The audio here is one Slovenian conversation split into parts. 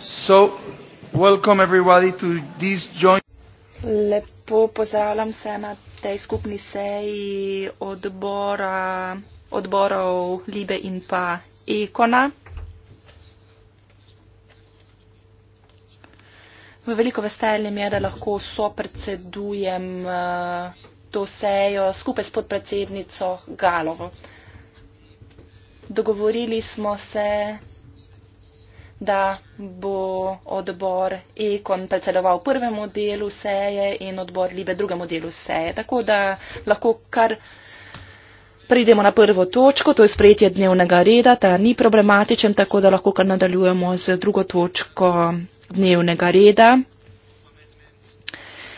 So, welcome everybody to this joint. Lepo pozdravljam se na tej skupni seji odbora, odborov Libe in pa Ekona. V veliko veselje mi je, da lahko sopredsedujem uh, to sejo skupaj s podpredsednico Galovo. Dogovorili smo se, da bo odbor Ekon predsedoval prvemu delu seje in odbor Libe drugemu delu seje. Tako da lahko kar pridemo na prvo točko, to je sprejetje dnevnega reda, ta ni problematičen, tako da lahko kar nadaljujemo z drugo točko dnevnega reda.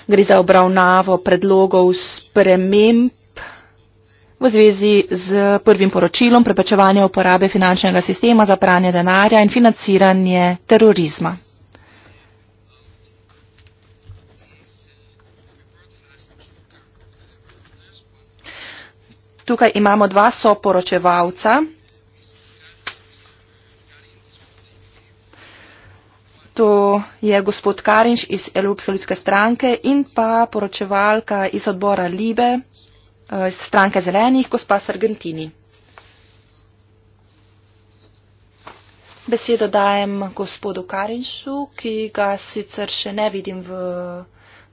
Gre za obravnavo predlogov sprememb v zvezi z prvim poročilom preprečevanja uporabe finančnega sistema za pranje denarja in financiranje terorizma. Tukaj imamo dva soporočevalca. To je gospod Karinč iz Evropske ljudske stranke in pa poročevalka iz odbora Libe. Eh, iz stranke zelenih, gospa Sargentini. Besedo dajem gospodu Karinšu, ki ga sicer še ne vidim v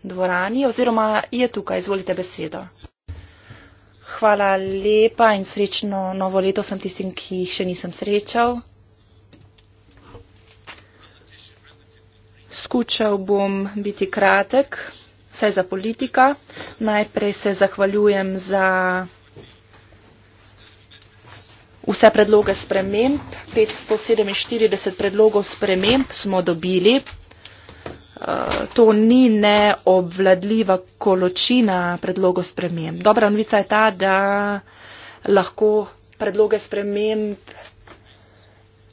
dvorani, oziroma je tukaj, izvolite besedo. Hvala lepa in srečno novo leto sem tistim, ki jih še nisem srečal. Skušal bom biti kratek vse za politika. Najprej se zahvaljujem za vse predloge sprememb. 547 predlogov sprememb smo dobili. Eh, to ni neobvladljiva količina predlogov sprememb. Dobra novica je ta, da lahko predloge sprememb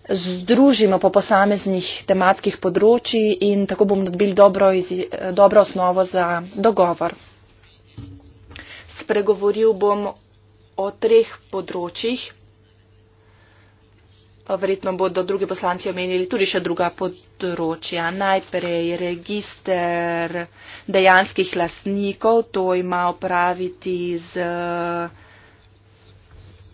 združimo po posameznih tematskih področji in tako bomo dobili dobro, dobro osnovo za dogovor. Spregovoril bom o treh področjih. Verjetno bodo drugi poslanci omenili tudi še druga področja. Najprej register dejanskih lastnikov, to ima opraviti z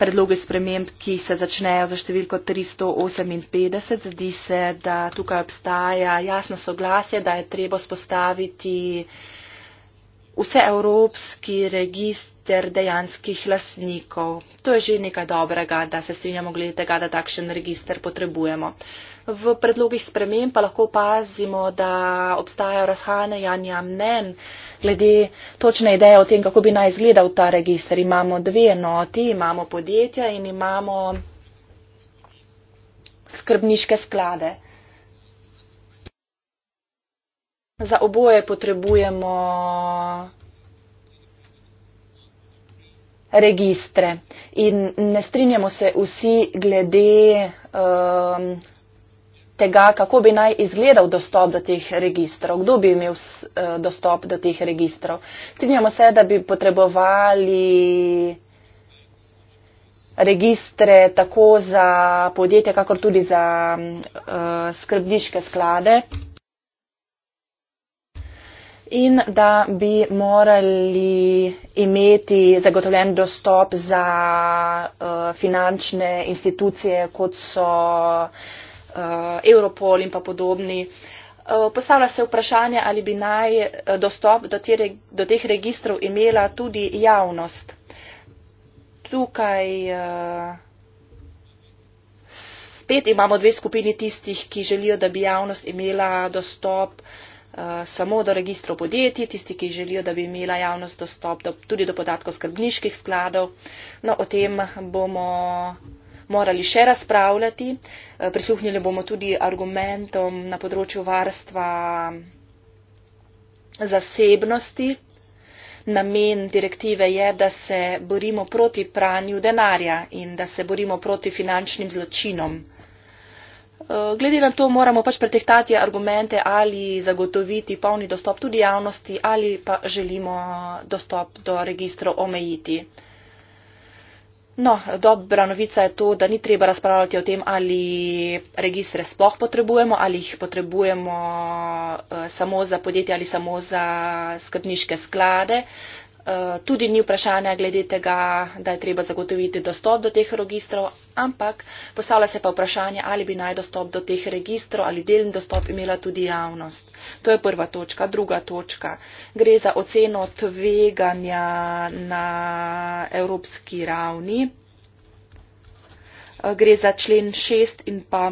predloge sprememb, ki se začnejo za številko 358. Zdi se, da tukaj obstaja jasno soglasje, da je treba spostaviti vse evropski registr ter dejanskih lastnikov. To je že nekaj dobrega, da se strinjamo glede tega, da takšen register potrebujemo. V predlogih spremem pa lahko opazimo, da obstajajo razhanejanja mnen glede točne ideje o tem, kako bi naj izgledal ta register. Imamo dve enoti, imamo podjetja in imamo skrbniške sklade. Za oboje potrebujemo registre. In ne strinjamo se vsi glede um, tega, kako bi naj izgledal dostop do teh registrov, kdo bi imel s, uh, dostop do teh registrov. Strinjamo se, da bi potrebovali registre tako za podjetja, kakor tudi za uh, skrbniške sklade in da bi morali imeti zagotovljen dostop za uh, finančne institucije, kot so uh, Europol in pa podobni. Eh, postavlja se vprašanje, ali bi naj dostop do, te, do teh registrov imela tudi javnost. Tukaj spet imamo dve skupini tistih, ki želijo, da bi javnost imela dostop uh, Eh, samo do registrov podjetij, tisti, ki želijo, da bi imela javnost dostop do, tudi do podatkov skrbniških skladov. No, o tem bomo morali še razpravljati. Eh, prisluhnili bomo tudi argumentom na področju varstva zasebnosti. Namen direktive je, da se borimo proti pranju denarja in da se borimo proti finančnim zločinom. Eh, glede na to moramo pač pretehtati argumente ali zagotoviti polni dostop tudi javnosti ali pa želimo dostop do registrov omejiti. No, dobra novica je to, da ni treba razpravljati o tem, ali registre sploh potrebujemo, ali jih potrebujemo eh, samo za podjetje ali samo za skrbniške sklade. Eh, tudi ni vprašanja glede tega, da je treba zagotoviti dostop do teh registrov ampak postavlja se pa vprašanje, ali bi naj dostop do teh registrov ali delen dostop imela tudi javnost. To je prva točka. Druga točka. Gre za oceno tveganja na evropski ravni. Eh, gre za člen 6 in pa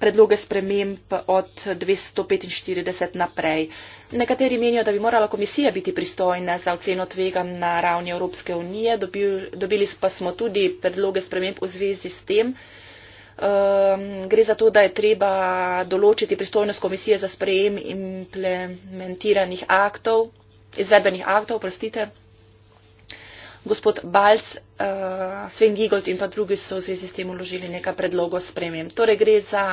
predloge sprememb od 245 naprej. Nekateri menijo, da bi morala komisija biti pristojna za oceno tvega na ravni Evropske unije. Dobili pa smo tudi predloge sprememb v zvezi s tem. Um, gre za to, da je treba določiti pristojnost komisije za sprejem implementiranih aktov, izvedbenih aktov, prostite. Gospod Balc, uh, Sven Gigold in pa drugi so v zvezi s tem uložili nekaj predlogov spremem. Torej gre za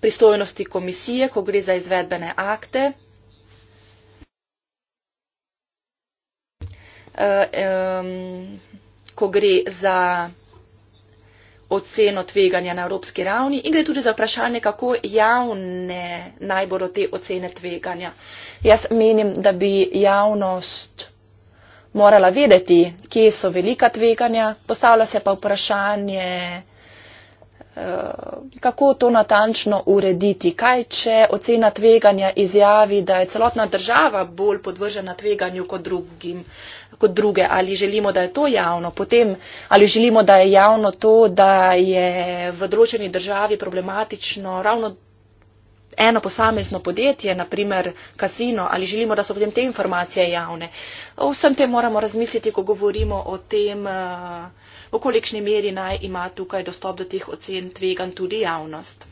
pristojnosti komisije, ko gre za izvedbene akte. Eh, ko gre za oceno tveganja na evropski ravni in gre tudi za vprašanje, kako javne naj bodo te ocene tveganja. Jaz menim, da bi javnost morala vedeti, kje so velika tveganja, postavlja se pa vprašanje, Eh, kako to natančno urediti. Kaj, če ocena tveganja izjavi, da je celotna država bolj podvržena tveganju kot, drugim, kot druge, ali želimo, da je to javno, potem ali želimo, da je javno to, da je v določeni državi problematično ravno eno posamezno podjetje, naprimer kasino, ali želimo, da so potem te informacije javne. O vsem tem moramo razmisliti, ko govorimo o tem. Uh, v kolikšni meri naj ima tukaj dostop do teh ocen tvegan tudi javnost.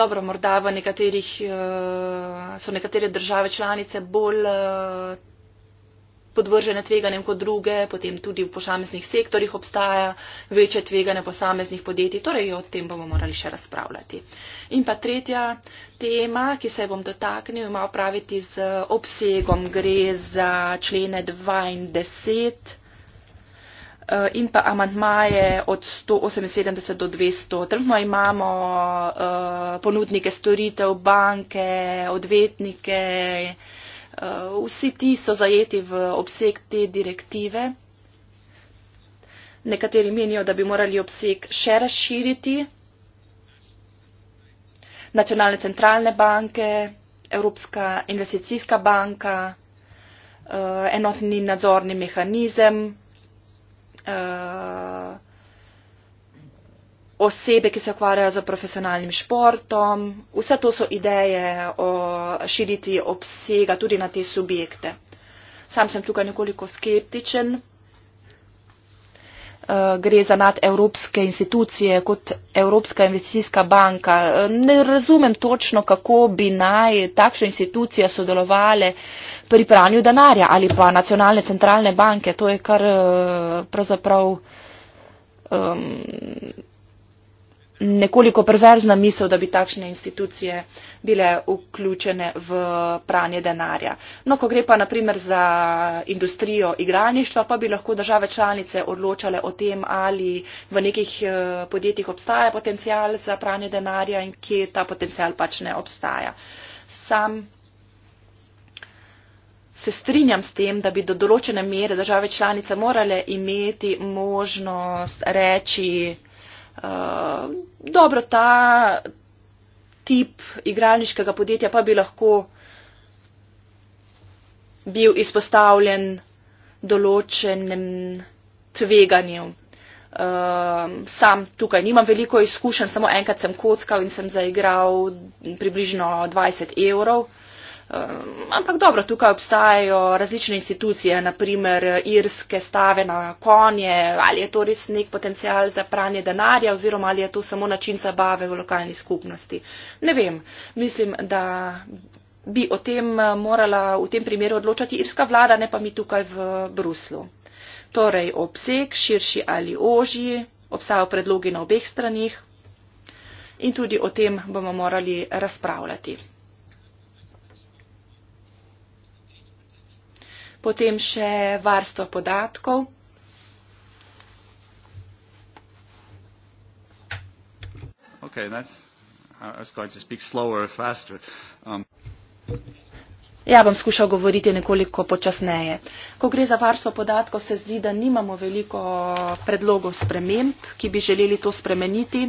Dobro, morda v nekaterih eh, so nekatere države članice bolj eh, podvržene tveganjem kot druge, potem tudi v posameznih sektorjih obstaja večje tveganje posameznih podjetij, torej o tem bomo morali še razpravljati. In pa tretja tema, ki se bom dotaknil, ima opraviti z obsegom, gre za člene 2 in 10. Eh, in pa amantmaje od 178 do 200. Trenutno imamo uh, ponudnike storitev, banke, odvetnike, uh, vsi ti so zajeti v obseg te direktive. Nekateri menijo, da bi morali obseg še razširiti. Nacionalne centralne banke, Evropska investicijska banka, uh, enotni nadzorni mehanizem. Eh, osebe, ki se ukvarjajo z profesionalnim športom. Vse to so ideje o širiti obsega tudi na te subjekte. Sam sem tukaj nekoliko skeptičen. Eh, gre za nadevropske institucije kot Evropska investicijska banka. Ne razumem točno, kako bi naj takšne institucije sodelovale uh, pri pranju denarja ali pa nacionalne centralne banke. To je kar eh, pravzaprav um, nekoliko perverzna misel, da bi takšne institucije bile vključene v pranje denarja. No, ko gre pa naprimer za industrijo igralništva, pa bi lahko države članice odločale o tem, ali v nekih eh, podjetjih obstaja potencial za pranje denarja in kje ta potencial pač ne obstaja. Sam se strinjam s tem, da bi do določene mere države članice morale imeti možnost reči, uh, dobro, ta tip igralniškega podjetja pa bi lahko bil izpostavljen določenem tveganju. Um, sam tukaj nimam veliko izkušenj, samo enkrat sem kockal in sem zaigral približno 20 evrov. Ehm, ampak dobro, tukaj obstajajo različne institucije, naprimer irske stave na konje, ali je to res nek potencial za pranje denarja oziroma ali je to samo način zabave v lokalni skupnosti. Ne vem, mislim, da bi o tem eh, morala v tem primeru odločati irska vlada, ne pa mi tukaj v Bruslu. Torej, obseg, širši ali ožji, obstajajo predlogi na obeh stranih. In tudi o tem bomo morali razpravljati. potem še varstvo podatkov. Okay, slower, um. Ja, bom skušal govoriti nekoliko počasneje. Ko gre za varstvo podatkov, se zdi, da nimamo veliko predlogov sprememb, ki bi želeli to spremeniti.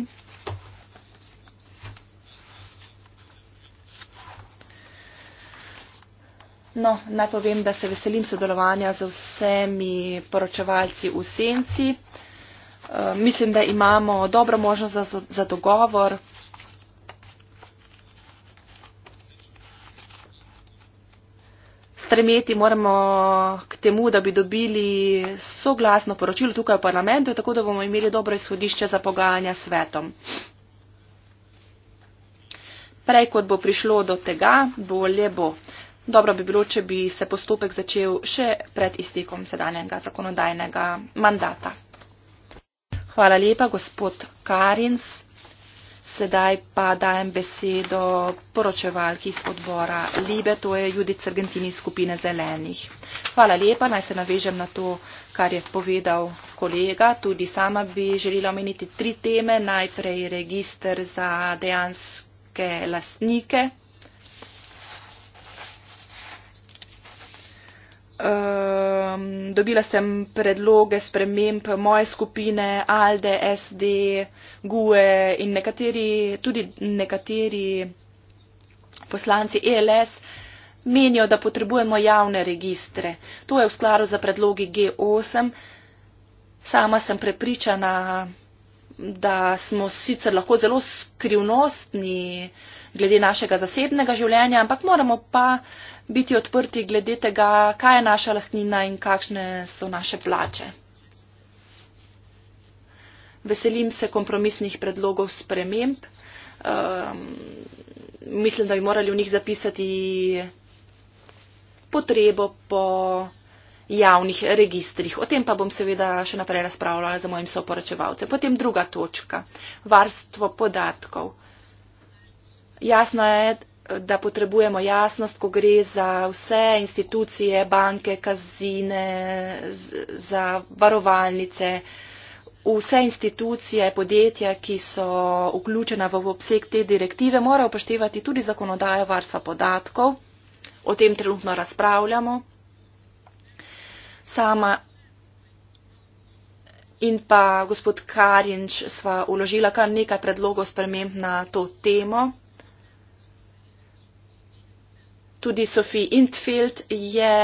No, naj povem, da se veselim sodelovanja z vsemi poročevalci v senci. E, mislim, da imamo dobro možnost za, za dogovor. Stremeti moramo k temu, da bi dobili soglasno poročilo tukaj v parlamentu, tako da bomo imeli dobro izhodišče za pogajanja svetom. Prej kot bo prišlo do tega, bolje bo. Dobro bi bilo, če bi se postopek začel še pred iztekom sedanjega zakonodajnega mandata. Hvala lepa, gospod Karins. Sedaj pa dajem besedo poročevalki iz odbora Libe, to je Judith Sargentini skupine Zelenih. Hvala lepa, naj se navežem na to, kar je povedal kolega. Tudi sama bi želela omeniti tri teme. Najprej registr za dejanske lastnike. um, dobila sem predloge sprememb moje skupine ALDE, SD, GUE in nekateri, tudi nekateri poslanci ELS menijo, da potrebujemo javne registre. To je v skladu za predlogi G8. Sama sem prepričana, da smo sicer lahko zelo skrivnostni, uh, glede našega zasebnega življenja, ampak moramo pa biti odprti glede tega, kaj je naša lastnina in kakšne so naše plače. Veselim se kompromisnih predlogov sprememb. Um, mislim, da bi morali v njih zapisati potrebo po javnih registrih. O tem pa bom seveda še naprej razpravljala za mojim soporočevalcem. Potem druga točka. Varstvo podatkov. Jasno je, da potrebujemo jasnost, ko gre za vse institucije, banke, kazine, za varovalnice, vse institucije, podjetja, ki so vključena v obseg te direktive, mora upoštevati tudi zakonodajo varstva podatkov. O tem trenutno razpravljamo. Sama in pa gospod Karinč sva uložila kar nekaj predlogov sprememb na to temo tudi Sophie Intfield je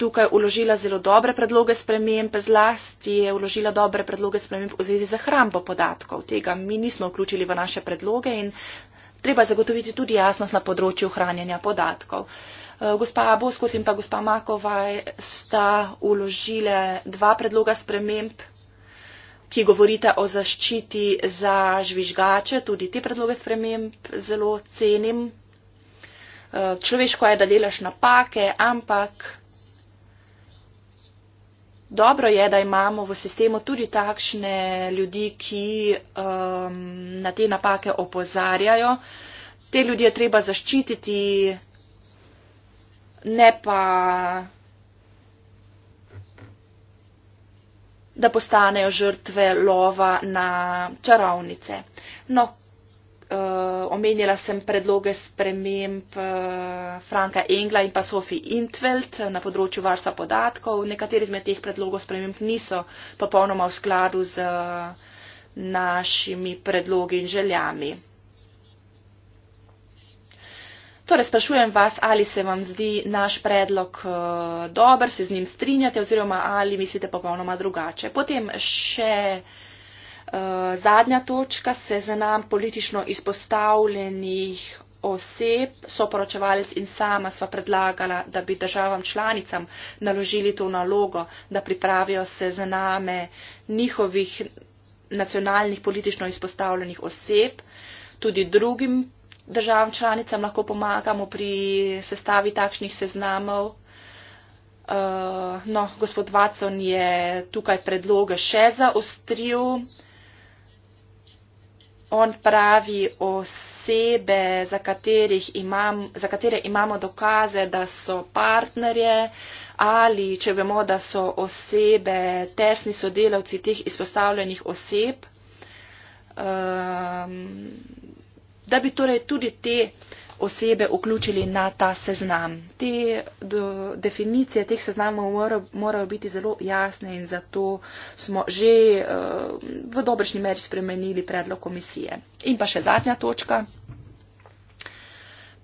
tukaj uložila zelo dobre predloge sprememb, zlasti je uložila dobre predloge sprememb v zvezi za hrambo podatkov. Tega mi nismo vključili v naše predloge in treba zagotoviti tudi jasnost na področju hranjenja podatkov. Eh, gospa Boskot in pa gospa Makova sta uložile dva predloga sprememb ki govorite o zaščiti za žvižgače, tudi te predloge sprememb zelo cenim. Eh, človeško je, da delaš napake, ampak dobro je, da imamo v sistemu tudi takšne ljudi, ki um, na te napake opozarjajo. Te ljudi je treba zaščititi, ne pa da postanejo žrtve lova na čarovnice. No, uh, omenjala sem predloge sprememb uh, Franka Engla in pa Sofi Intveld na področju varstva podatkov. Nekateri izmed teh predlogov sprememb niso popolnoma v skladu z uh, našimi predlogi in željami. Torej, sprašujem vas, ali se vam zdi naš predlog eh, dober, se z njim strinjate oziroma ali mislite popolnoma drugače. Potem še eh, zadnja točka, se za nam politično izpostavljenih oseb, soporočevalec in sama sva predlagala, da bi državam članicam naložili to nalogo, da pripravijo se za name njihovih nacionalnih politično izpostavljenih oseb, tudi drugim državam članicam lahko pomagamo pri sestavi takšnih seznamov. Uh, no, gospod Vacon je tukaj predloge še zaostril. On pravi osebe, za, imam, za katere imamo dokaze, da so partnerje ali če vemo, da so osebe tesni sodelavci teh izpostavljenih oseb. Um, da bi torej tudi te osebe vključili na ta seznam. Te do, definicije teh seznamov morajo, morajo biti zelo jasne in zato smo že uh, v dobrošnji meri spremenili predlog komisije. In pa še zadnja točka.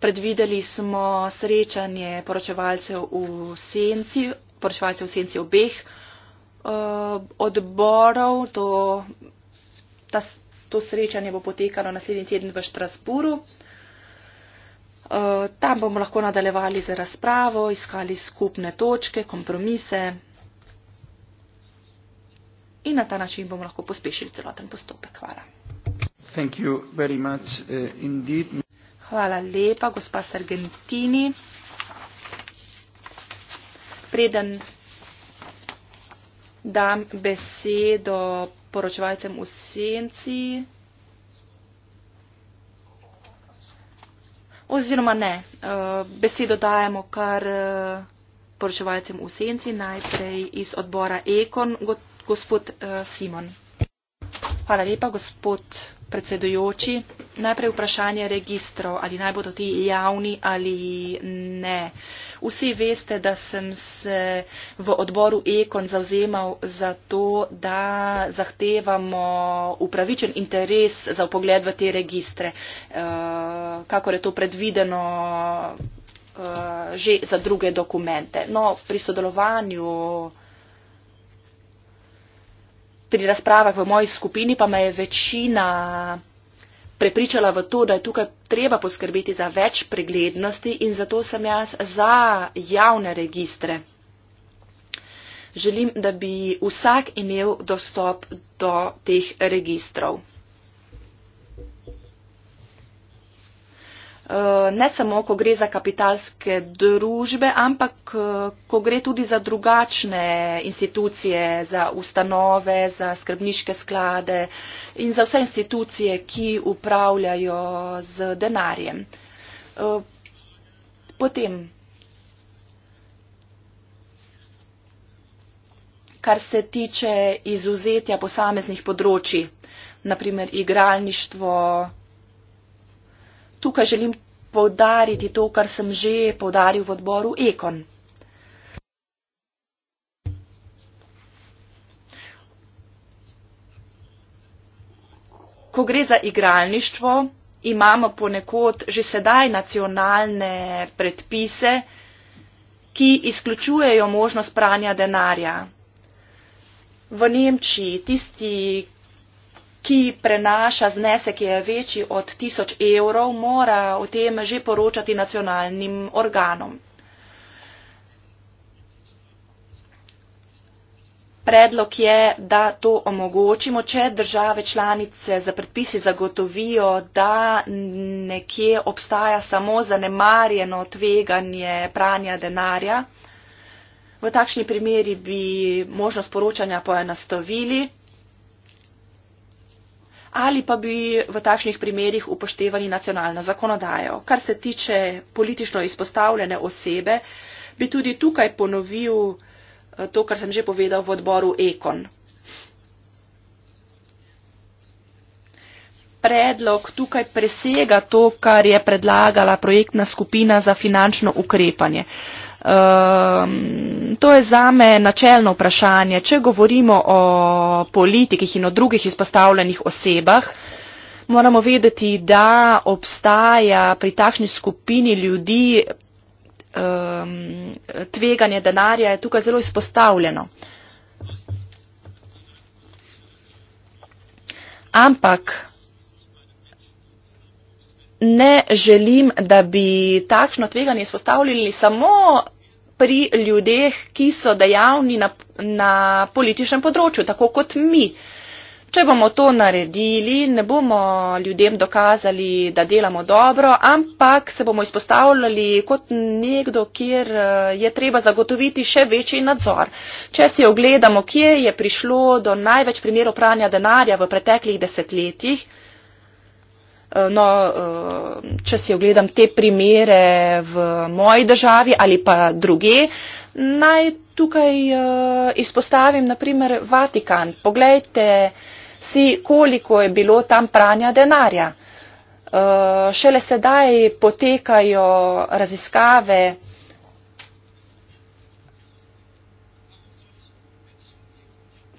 Predvideli smo srečanje poročevalcev v senci, poročevalcev v senci obeh uh, odborov. To, ta, To srečanje bo potekalo naslednji teden v Štrasburu. Eh, tam bomo lahko nadaljevali z razpravo, iskali skupne točke, kompromise in na ta način bomo lahko pospešili celoten postopek. Hvala. Much, uh, Hvala lepa, gospa Sargentini. Preden dam besedo poročevalcem v senci. Oziroma ne, eh, besedo dajemo kar eh, poročevalcem v senci, najprej iz odbora Ekon, gospod eh, Simon. Hvala lepa, gospod predsedujoči. Najprej vprašanje registrov, ali naj bodo ti javni ali ne. Vsi veste, da sem se v odboru Ekon zauzemal za to, da zahtevamo upravičen interes za upogled v te registre, eh, kakor je to predvideno eh, že za druge dokumente. No, pri sodelovanju. Pri razpravah v moji skupini pa me je večina prepričala v to, da je tukaj treba poskrbeti za več preglednosti in zato sem jaz za javne registre. Želim, da bi vsak imel dostop do teh registrov. Eh, ne samo, ko gre za kapitalske družbe, ampak eh, ko gre tudi za drugačne institucije, za ustanove, za skrbniške sklade in za vse institucije, ki upravljajo z denarjem. Eh, potem, kar se tiče izuzetja posameznih področji, naprimer igralništvo, tukaj želim povdariti to, kar sem že povdaril v odboru Ekon. Ko gre za igralništvo, imamo ponekod že sedaj nacionalne predpise, ki izključujejo možnost pranja denarja. V Nemčiji tisti, ki prenaša znesek, ki je večji od tisoč evrov, mora o tem že poročati nacionalnim organom. Predlog je, da to omogočimo, če države članice za predpisi zagotovijo, da nekje obstaja samo zanemarjeno tveganje pranja denarja. V takšni primeri bi možnost poročanja poenostavili ali pa bi v takšnih primerjih upoštevali nacionalno zakonodajo. Kar se tiče politično izpostavljene osebe, bi tudi tukaj ponovil eh, to, kar sem že povedal v odboru Ekon. Predlog tukaj presega to, kar je predlagala projektna skupina za finančno ukrepanje. Ehm, to je zame načelno vprašanje. Če govorimo o politikih in o drugih izpostavljenih osebah, moramo vedeti, da obstaja pri takšni skupini ljudi um, tveganje denarja, je tukaj zelo izpostavljeno. Ampak ne želim, da bi takšno tveganje izpostavljali samo pri ljudeh, ki so dejavni na, na političnem področju, tako kot mi. Če bomo to naredili, ne bomo ljudem dokazali, da delamo dobro, ampak se bomo izpostavljali kot nekdo, kjer eh, je treba zagotoviti še večji nadzor. Če si ogledamo, kje je prišlo do največ primerov pranja denarja v preteklih desetletjih, Eh, no, eh, če si ogledam te primere v moji državi ali pa druge, naj tukaj eh, izpostavim naprimer Vatikan. Poglejte si, koliko je bilo tam pranja denarja. Šele sedaj potekajo raziskave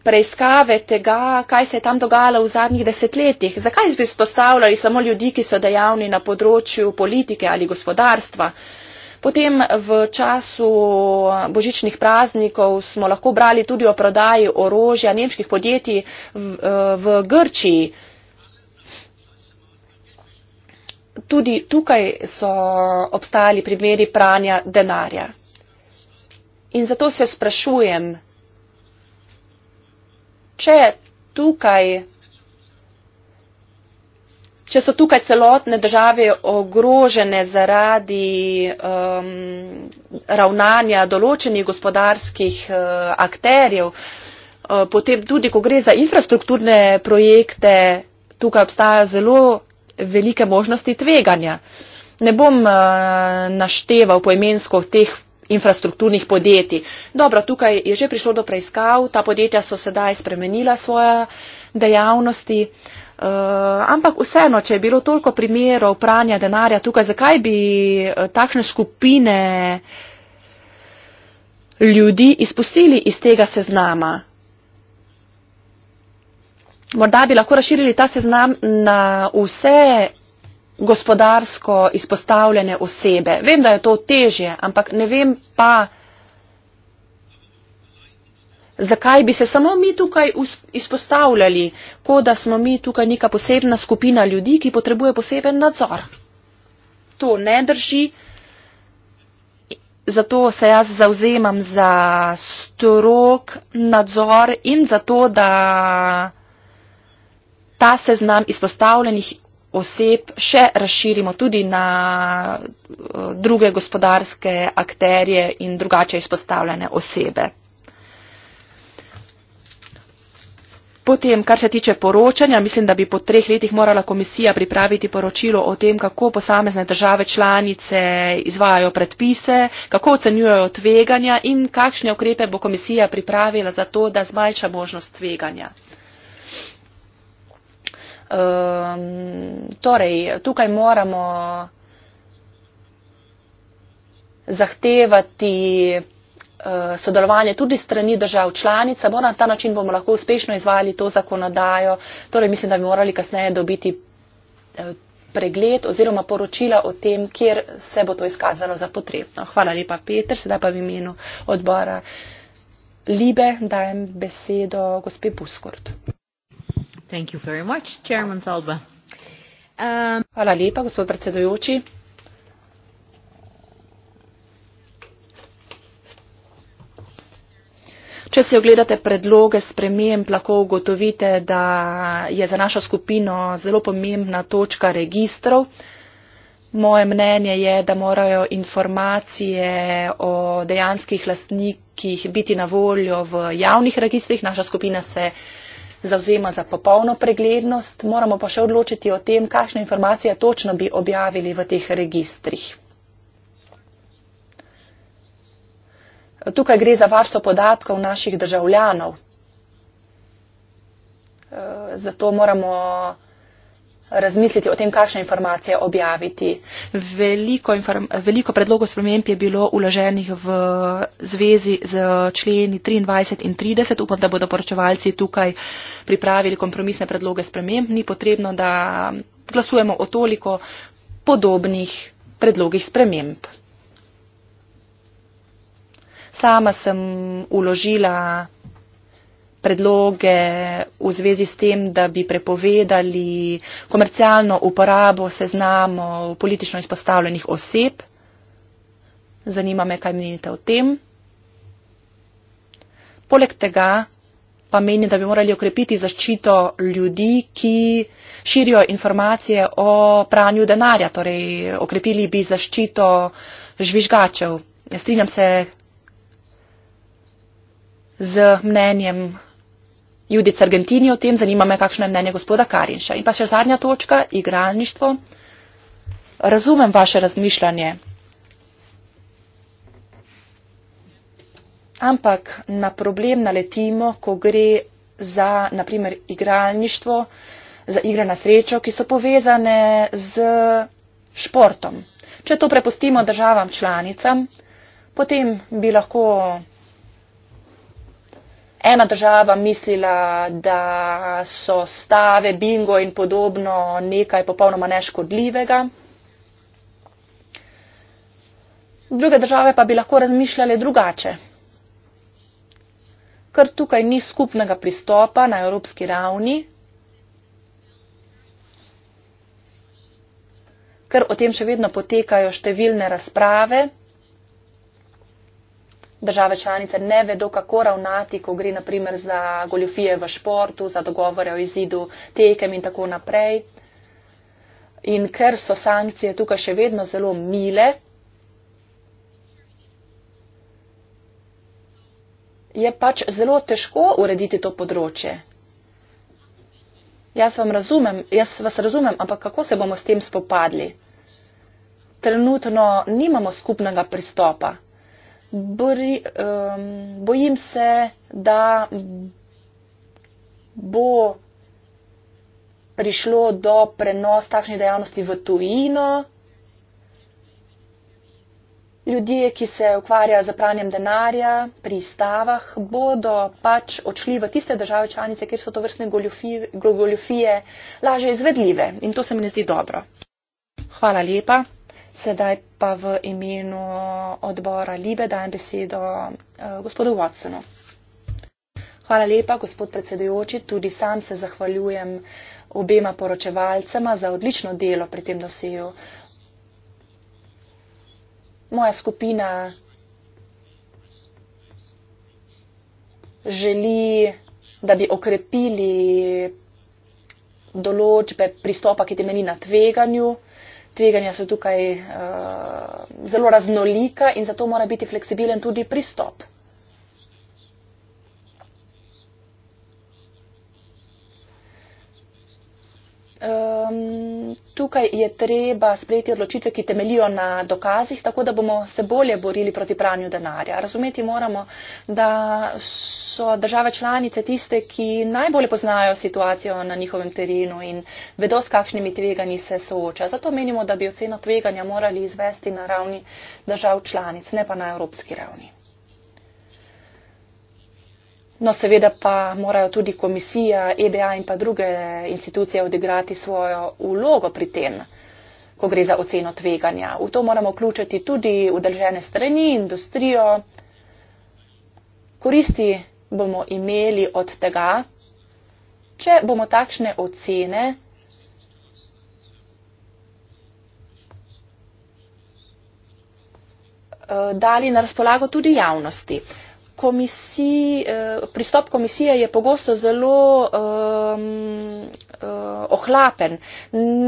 preiskave tega, kaj se je tam dogajalo v zadnjih desetletjih. Zakaj bi spostavljali samo ljudi, ki so dejavni na področju politike ali gospodarstva? Potem v času božičnih praznikov smo lahko brali tudi o prodaji orožja nemških podjetij v, v Grčiji. Tudi tukaj so obstajali primeri pranja denarja. In zato se sprašujem, če tukaj, če so tukaj celotne države ogrožene zaradi um, ravnanja določenih gospodarskih uh, akterjev, uh, Potem tudi, ko gre za infrastrukturne projekte, tukaj obstajajo zelo velike možnosti tveganja. Ne bom uh, našteval poimensko teh infrastrukturnih podjetij. dobro tukaj je že prišlo do preiskav ta podjetja so sedaj spremenila svoje dejavnosti Uh, ampak vseeno, če je bilo toliko primerov pranja denarja tukaj, zakaj bi eh, takšne skupine ljudi izpustili iz tega seznama? Morda bi lahko razširili ta seznam na vse gospodarsko izpostavljene osebe. Vem, da je to težje, ampak ne vem pa, zakaj bi se samo mi tukaj izpostavljali, ko da smo mi tukaj neka posebna skupina ljudi, ki potrebuje poseben nadzor. To ne drži. Zato se jaz zauzemam za strok nadzor in za to, da ta seznam izpostavljenih oseb še razširimo tudi na eh, druge gospodarske akterje in drugače izpostavljene osebe. Potem, kar se tiče poročanja, mislim, da bi po treh letih morala komisija pripraviti poročilo o tem, kako posamezne države članice izvajajo predpise, kako ocenjujejo tveganja in kakšne ukrepe bo komisija pripravila za to, da zmanjša možnost tveganja. Um, torej, tukaj moramo zahtevati uh, sodelovanje tudi strani držav članica. Bo na ta način bomo lahko uspešno izvali to zakonodajo. Torej, mislim, da bi morali kasneje dobiti eh, pregled oziroma poročila o tem, kjer se bo to izkazalo za potrebno. Hvala lepa, Peter. Sedaj pa v imenu odbora Libe dajem besedo gospe Buskort. Um, Hvala lepa, gospod predsedujoči. Če si ogledate predloge sprememb, lahko ugotovite, da je za našo skupino zelo pomembna točka registrov. Moje mnenje je, da morajo informacije o dejanskih lastnikih biti na voljo v javnih registrih. Naša skupina se zauzema za popolno preglednost, moramo pa še odločiti o tem, kakšne informacije točno bi objavili v teh registrih. Tukaj gre za varstvo podatkov naših državljanov. Zato moramo razmisliti o tem, kakšne informacije objaviti. Veliko, inform, veliko predlogov sprememb je bilo uloženih v zvezi z členi 23 in 30. Upam, da bodo poročevalci tukaj pripravili kompromisne predloge sprememb. Ni potrebno, da glasujemo o toliko podobnih predlogih sprememb. Sama sem uložila predloge v zvezi s tem, da bi prepovedali komercialno uporabo seznamov politično izpostavljenih oseb. Zanima me, kaj menite o tem. Poleg tega pa meni, da bi morali okrepiti zaščito ljudi, ki širijo informacije o pranju denarja, torej okrepili bi zaščito žvižgačev. Strinjam se z mnenjem Judic Argentini o tem, zanima me, kakšno je mnenje gospoda Karinša. In pa še zadnja točka, igralništvo. Razumem vaše razmišljanje. Ampak na problem naletimo, ko gre za, naprimer, igralništvo, za igre na srečo, ki so povezane z športom. Če to prepustimo državam članicam, potem bi lahko ena država mislila, da so stave, bingo in podobno nekaj popolnoma neškodljivega. Druge države pa bi lahko razmišljale drugače. Ker tukaj ni skupnega pristopa na evropski ravni, ker o tem še vedno potekajo številne razprave države članice ne vedo, kako ravnati, ko gre naprimer za goljofije v športu, za dogovore o izidu tekem in tako naprej. In ker so sankcije tukaj še vedno zelo mile, je pač zelo težko urediti to področje. Jaz vam razumem, jaz vas razumem, ampak kako se bomo s tem spopadli? Trenutno nimamo skupnega pristopa bri, um, bojim se, da bo prišlo do prenos takšnih dejavnosti v tujino. Ljudje, ki se ukvarjajo z pranjem denarja pri stavah, bodo pač odšli v tiste države članice, kjer so to vrstne goljofije, goljofije lažje izvedljive. In to se mi ne zdi dobro. Hvala lepa. Sedaj pa v imenu odbora Libe dajem besedo eh, gospodu Watsonu. Hvala lepa, gospod predsedujoči. Tudi sam se zahvaljujem obema poročevalcema za odlično delo pri tem dosegu. Moja skupina želi, da bi okrepili določbe pristopa, ki temeni na tveganju, tveganja so tukaj uh, zelo raznolika in zato mora biti fleksibilen tudi pristop. Uh, um, tukaj je treba sprejeti odločitve, ki temelijo na dokazih, tako da bomo se bolje borili proti pranju denarja. Razumeti moramo, da so države članice tiste, ki najbolje poznajo situacijo na njihovem terenu in vedo, s kakšnimi tveganji se sooča. Zato menimo, da bi oceno tveganja morali izvesti na ravni držav članic, ne pa na evropski ravni. No, seveda pa morajo tudi komisija, EBA in pa druge institucije odigrati svojo vlogo pri tem, ko gre za oceno tveganja. V to moramo vključiti tudi udržene strani, industrijo. Koristi bomo imeli od tega, če bomo takšne ocene eh, dali na razpolago tudi javnosti komisiji, eh, pristop komisije je pogosto zelo um, uh, ohlapen.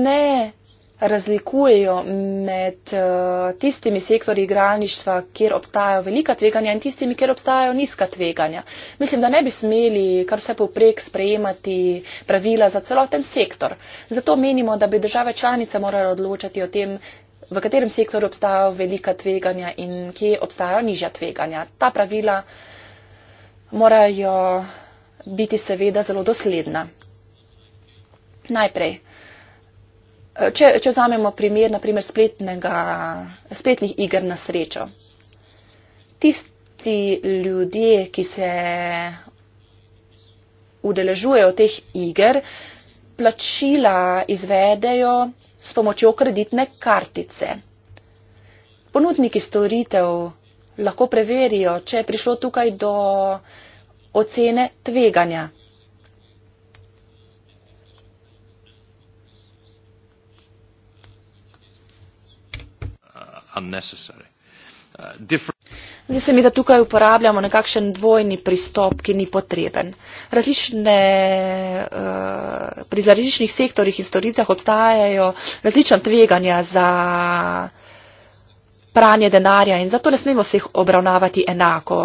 Ne razlikujejo med uh, tistimi sektori igralništva, kjer obstajajo velika tveganja in tistimi, kjer obstajajo nizka tveganja. Mislim, da ne bi smeli kar vse poprek sprejemati pravila za celoten sektor. Zato menimo, da bi države članice morale odločati o tem, v katerem sektorju obstajajo velika tveganja in kje obstajajo nižja tveganja. Ta pravila morajo biti seveda zelo dosledna. Najprej, če, če vzamemo primer naprimer spletnih iger na srečo. Tisti ljudje, ki se udeležujejo teh iger, uh, plačila izvedejo s pomočjo kreditne kartice. Ponudniki storitev lahko preverijo, če je prišlo tukaj do ocene tveganja. Uh, Zdi se mi, da tukaj uporabljamo nekakšen dvojni pristop, ki ni potreben. Različne, eh, pri različnih sektorjih in storitvah obstajajo različna tveganja za pranje denarja in zato ne smemo vseh obravnavati enako.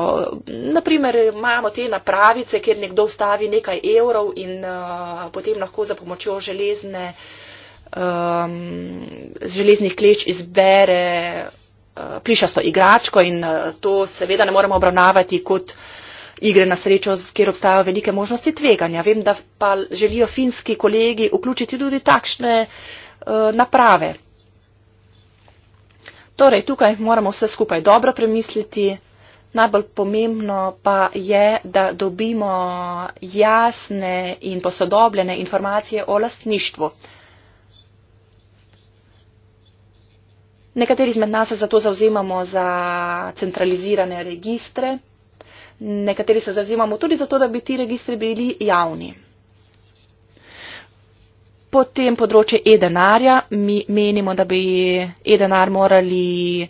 Naprimer, imamo te napravice, kjer nekdo vstavi nekaj evrov in eh, potem lahko za pomočjo železne, ehm, železnih kleč izbere plišasto igračko in eh, to seveda ne moremo obravnavati kot igre na srečo, kjer obstajajo velike možnosti tveganja. Vem, da pa želijo finski kolegi vključiti tudi takšne eh, naprave. Torej, tukaj moramo vse skupaj dobro premisliti. Najbolj pomembno pa je, da dobimo jasne in posodobljene informacije o lastništvu. Nekateri izmed nas se zato zauzemamo za centralizirane registre, nekateri se zauzemamo tudi zato, da bi ti registri bili javni. Potem področje e-denarja. Mi menimo, da bi e-denar morali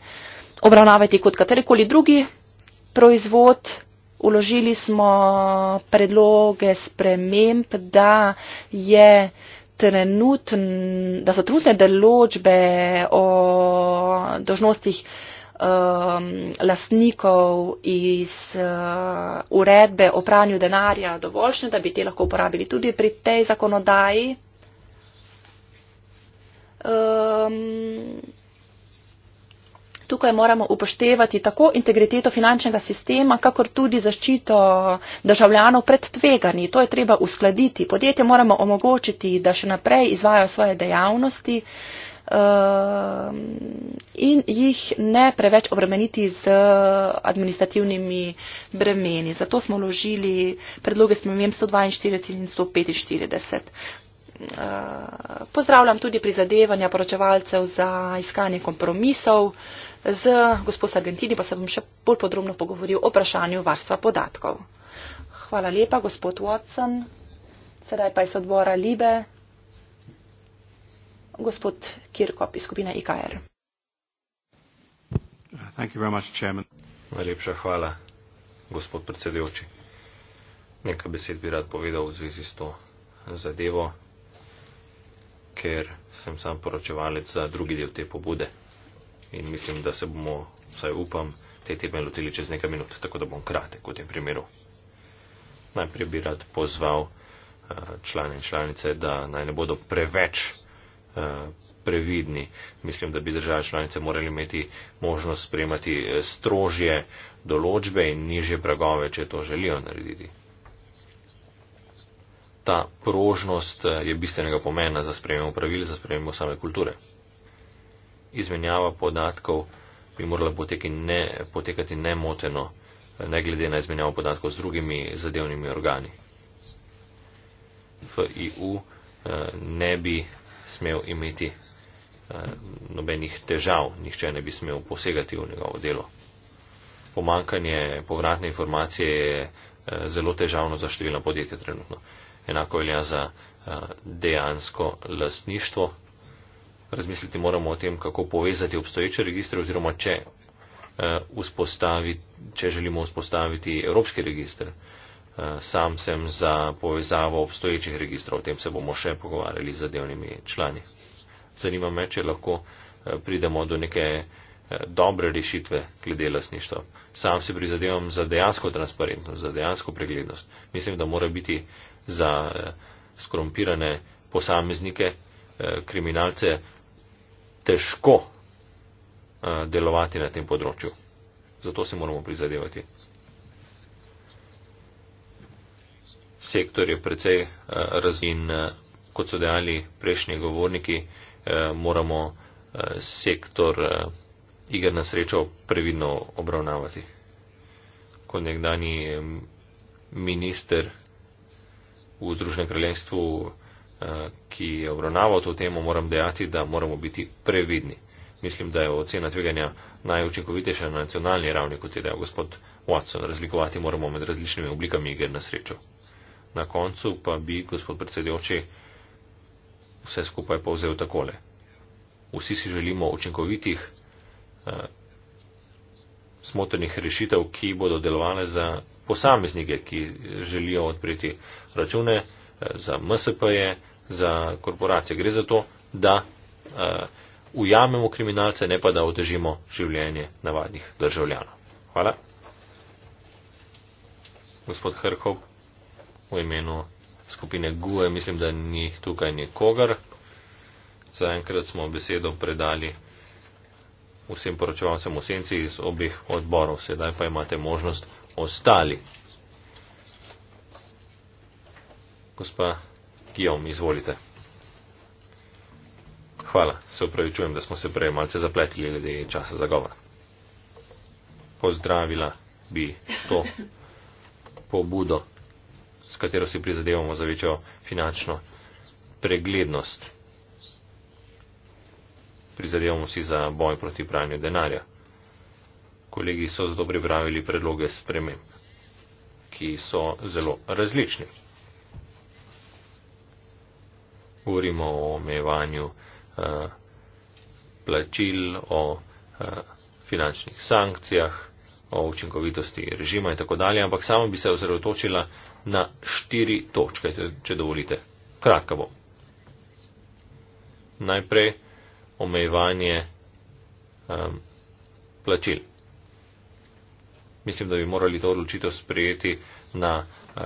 obravnavati kot katerikoli drugi proizvod. Uložili smo predloge sprememb, da je trenutn, da so trenutne deločbe o dožnostih um, lastnikov iz uh, uredbe o pranju denarja dovoljšne, da bi te lahko uporabili tudi pri tej zakonodaji. Um, tukaj moramo upoštevati tako integriteto finančnega sistema, kakor tudi zaščito državljanov pred tveganji. To je treba uskladiti. Podjetje moramo omogočiti, da še naprej izvajo svoje dejavnosti eh, in jih ne preveč obremeniti z eh, administrativnimi bremeni. Zato smo vložili predloge spremem 142 in 145. Eh, pozdravljam tudi prizadevanja poročevalcev za iskanje kompromisov. Z gospo Sargentini pa se bom še bolj podrobno pogovoril o vprašanju varstva podatkov. Hvala lepa, gospod Watson. Sedaj pa iz odbora Libe. Gospod Kirkop iz skupine IKR. Najlepša hvala, gospod predsedujoči. Nekaj besed bi rad povedal v zvezi s to zadevo, ker sem sam poročevalec za drugi del te pobude in mislim, da se bomo, vsaj upam, te teme lotili čez nekaj minut, tako da bom kratek v tem primeru. Najprej bi rad pozval eh, člani in članice, da naj ne bodo preveč eh, previdni. Mislim, da bi države članice morali imeti možnost sprejemati eh, strožje določbe in nižje pragove, če to želijo narediti. Ta prožnost je bistvenega pomena za sprejemo pravil, za sprejemo same kulture izmenjava podatkov bi morala ne, potekati nemoteno, ne glede na izmenjavo podatkov z drugimi zadevnimi organi. FIU eh, ne bi smel imeti eh, nobenih težav, nihče ne bi smel posegati v njegovo delo. Pomankanje povratne informacije je eh, zelo težavno za številna podjetja trenutno. Enako velja za dejansko lasništvo, razmisliti moramo o tem, kako povezati obstoječe registre oziroma če, eh, če želimo vzpostaviti evropski registr. Eh, sam sem za povezavo obstoječih registrov, o tem se bomo še pogovarjali z zadevnimi člani. Zanima me, če lahko eh, pridemo do neke dobre rešitve glede lasništva. Sam si prizadevam za dejansko transparentnost, za dejansko preglednost. Mislim, da mora biti za skorumpirane posameznike, kriminalce težko eh, delovati na tem področju. Zato se moramo prizadevati. Sektor je precej eh, razvin, eh, kot so dejali prejšnji govorniki, moramo sektor igr na srečo previdno obravnavati. Kot nekdani minister v Združenem kraljestvu, Eh, ki je obravnaval to temo, moram dejati, da moramo biti previdni. Mislim, da je ocena tveganja najučinkovitejša na nacionalni ravni, kot je dejal gospod Watson. Razlikovati moramo med različnimi oblikami igre na srečo. Na koncu pa bi gospod predsedujoči vse skupaj povzel takole. Vsi si želimo učinkovitih, eh, smotrnih rešitev, ki bodo delovale za posameznike, ki želijo odpreti račune eh, za MSP-je, za korporacije. Gre za to, da uh, ujamemo kriminalce, ne pa da otežimo življenje navadnih državljanov. Hvala. Gospod Hrkov, v imenu skupine GUE, mislim, da ni tukaj nikogar. Zaenkrat smo besedo predali vsem poročevalcem v senci iz obih odborov. Sedaj pa imate možnost ostali. Gospa Guillaume, izvolite. Hvala, se upravičujem, da smo se prej malce zapletili glede časa za govor. Pozdravila bi to pobudo, s katero si prizadevamo za večjo finančno preglednost. Prizadevamo si za boj proti pranju denarja. Kolegi so zelo pripravili predloge sprememb, ki so zelo različni govorimo o omejevanju eh, plačil, o eh, finančnih sankcijah, o učinkovitosti režima in tako dalje, ampak samo bi se ozredotočila na štiri točke, če dovolite. Kratka bom. Najprej omejevanje um, plačil. Mislim, da bi morali to odločitev sprejeti na uh,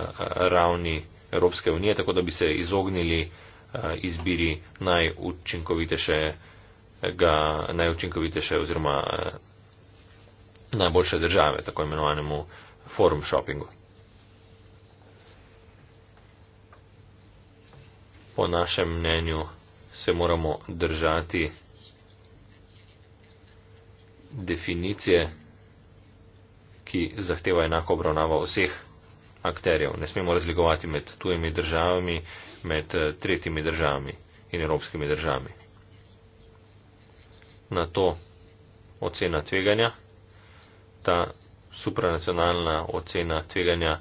ravni Evropske unije, tako da bi se izognili uh, Eh, izbiri najučinkovitejšega, najučinkovitejše oziroma eh, najboljše države, tako imenovanemu forum shoppingu. Po našem mnenju se moramo držati definicije, ki zahteva enako obravnavo vseh akterjev. Ne smemo razlikovati med tujimi državami med eh, tretjimi državami in evropskimi državami. Na to ocena tveganja, ta supranacionalna ocena tveganja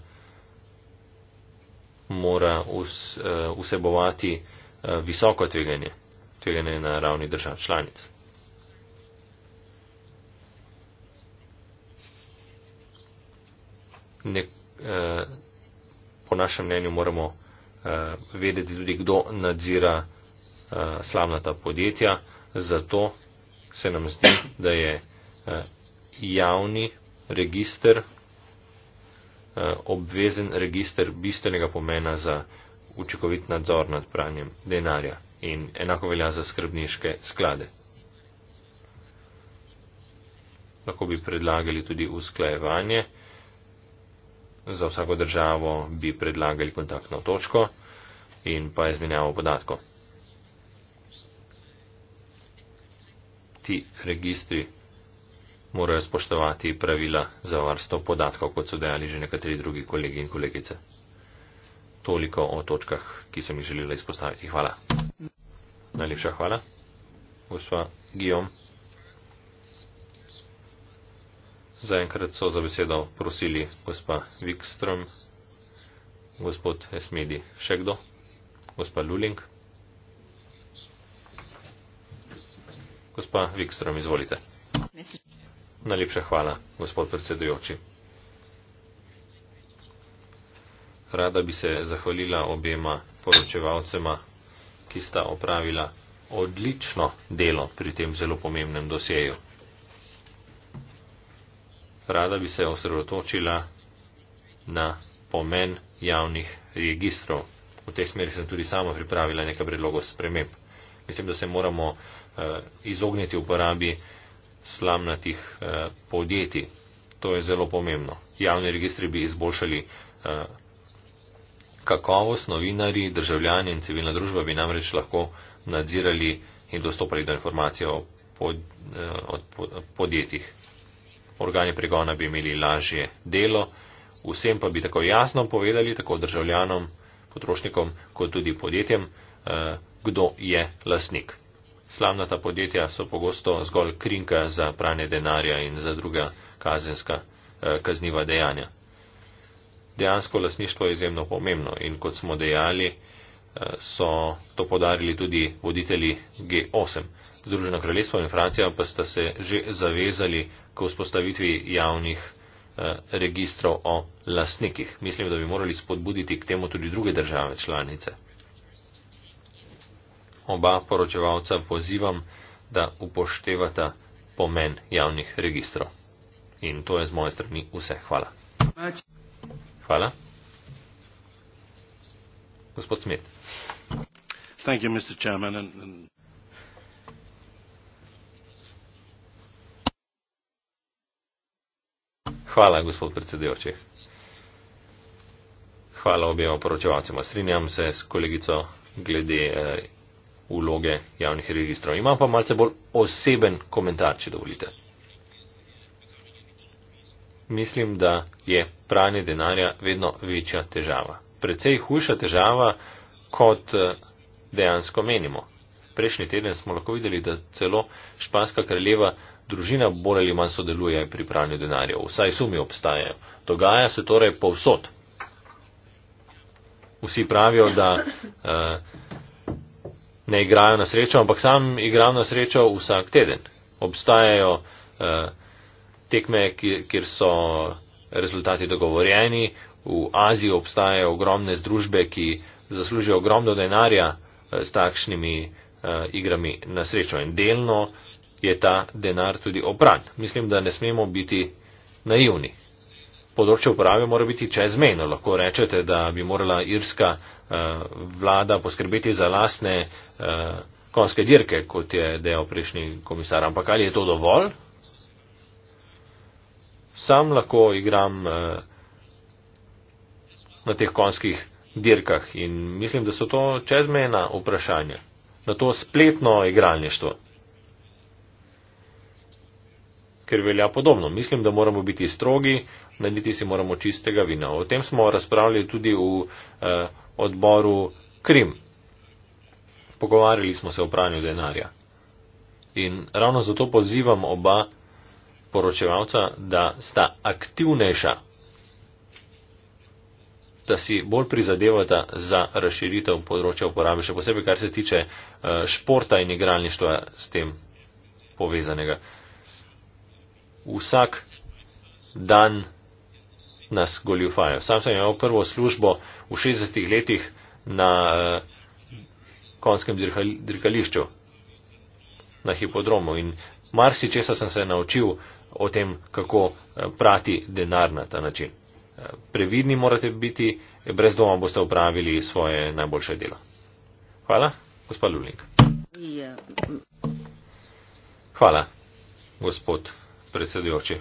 mora eh, vsebovati eh, visoko tveganje, tveganje na ravni držav članic. Ne, eh, po našem mnenju moramo Eh, vedeti tudi, kdo nadzira eh, slavnata podjetja. Zato se nam zdi, da je eh, javni register, obvezen register bistvenega pomena za učinkovit nadzor nad pranjem denarja. In enako velja za skrbniške sklade. Lahko bi predlagali tudi usklajevanje za vsako državo bi predlagali kontaktno točko in pa izmenjavo podatkov. Ti registri morajo spoštovati pravila za varstvo podatkov, kot so dejali že nekateri drugi kolegi in kolegice. Toliko o točkah, ki sem jih želela izpostaviti. Hvala. Najlepša hvala. Gospa Guillaume. Zaenkrat so za besedo prosili gospa Wikström, gospod Esmedi Šekdo, gospa Luling. Gospa Wikström, izvolite. Najlepša hvala, gospod predsedujoči. Rada bi se zahvalila obema poročevalcema, ki sta opravila odlično delo pri tem zelo pomembnem dosjeju rada bi se osredotočila na pomen javnih registrov. V tej smeri sem tudi sama pripravila nekaj predlogov sprememb. Mislim, da se moramo eh, izogniti uporabi slamnatih eh, podjetij. To je zelo pomembno. Javni registri bi izboljšali eh, kakovost, novinari, državljani in civilna družba bi namreč lahko nadzirali in dostopali do informacije o, pod, eh, o podjetjih organi pregona bi imeli lažje delo, vsem pa bi tako jasno povedali, tako državljanom, potrošnikom, kot tudi podjetjem, eh, kdo je lasnik. Slamnata podjetja so pogosto zgolj krinka za pranje denarja in za druga kazenska eh, kazniva dejanja. Dejansko lasništvo je izjemno pomembno in kot smo dejali, Eh, so to podarili tudi voditelji G8. Združeno kraljestvo in Francija pa sta se že zavezali k vzpostavitvi javnih eh, registrov o lasnikih. Mislim, da bi morali spodbuditi k temu tudi druge države članice. Oba poročevalca pozivam, da upoštevata pomen javnih registrov. In to je z moje strani vse. Hvala. Hvala gospod Smet. Thank you, Mr. Chairman. And, and Hvala, gospod predsedujoči. Hvala objema poročevalcema. Strinjam se s kolegico glede eh, uloge javnih registrov. Imam pa malce bolj oseben komentar, če dovolite. Mislim, da je pranje denarja vedno večja težava precej hujša težava, kot eh, dejansko menimo. Prejšnji teden smo lahko videli, da celo španska kraljeva družina bolj ali manj sodeluje pri pranju denarja. Vsaj sumi obstajajo. Dogaja se torej povsod. Vsi pravijo, da uh, ne igrajo na srečo, ampak sam igram na srečo vsak teden. Obstajajo uh, tekme, kjer so rezultati dogovorjeni, v Aziji obstajajo ogromne združbe, ki zaslužijo ogromno denarja eh, s takšnimi uh, igrami na srečo. In delno je ta denar tudi opran. Mislim, da ne smemo biti naivni. Področje uporabe mora biti čezmejno. Lahko rečete, da bi morala irska uh, vlada poskrbeti za lasne uh, konske dirke, kot je dejal prejšnji komisar. Ampak ali je to dovolj? Sam lahko igram. Uh, v teh konskih dirkah. In mislim, da so to čezmejna vprašanja na to spletno igralništvo. Ker velja podobno. Mislim, da moramo biti strogi, narediti si moramo čistega vina. O tem smo razpravljali tudi v eh, odboru Krim. Pogovarjali smo se o pranju denarja. In ravno zato pozivam oba poročevalca, da sta aktivnejša da si bolj prizadevata za razširitev področja uporabe, še posebej kar se tiče eh, športa in igralništva s tem povezanega. Vsak dan nas goljufajo. Sam sem imel prvo službo v 60 letih na eh, konskem dirkališču, na hipodromu in marsi česa sem se naučil o tem, kako eh, prati denar na ta način previdni morate biti, brez dvoma boste upravili svoje najboljše delo. Hvala, gospod Lulink. Hvala, gospod predsedujoči.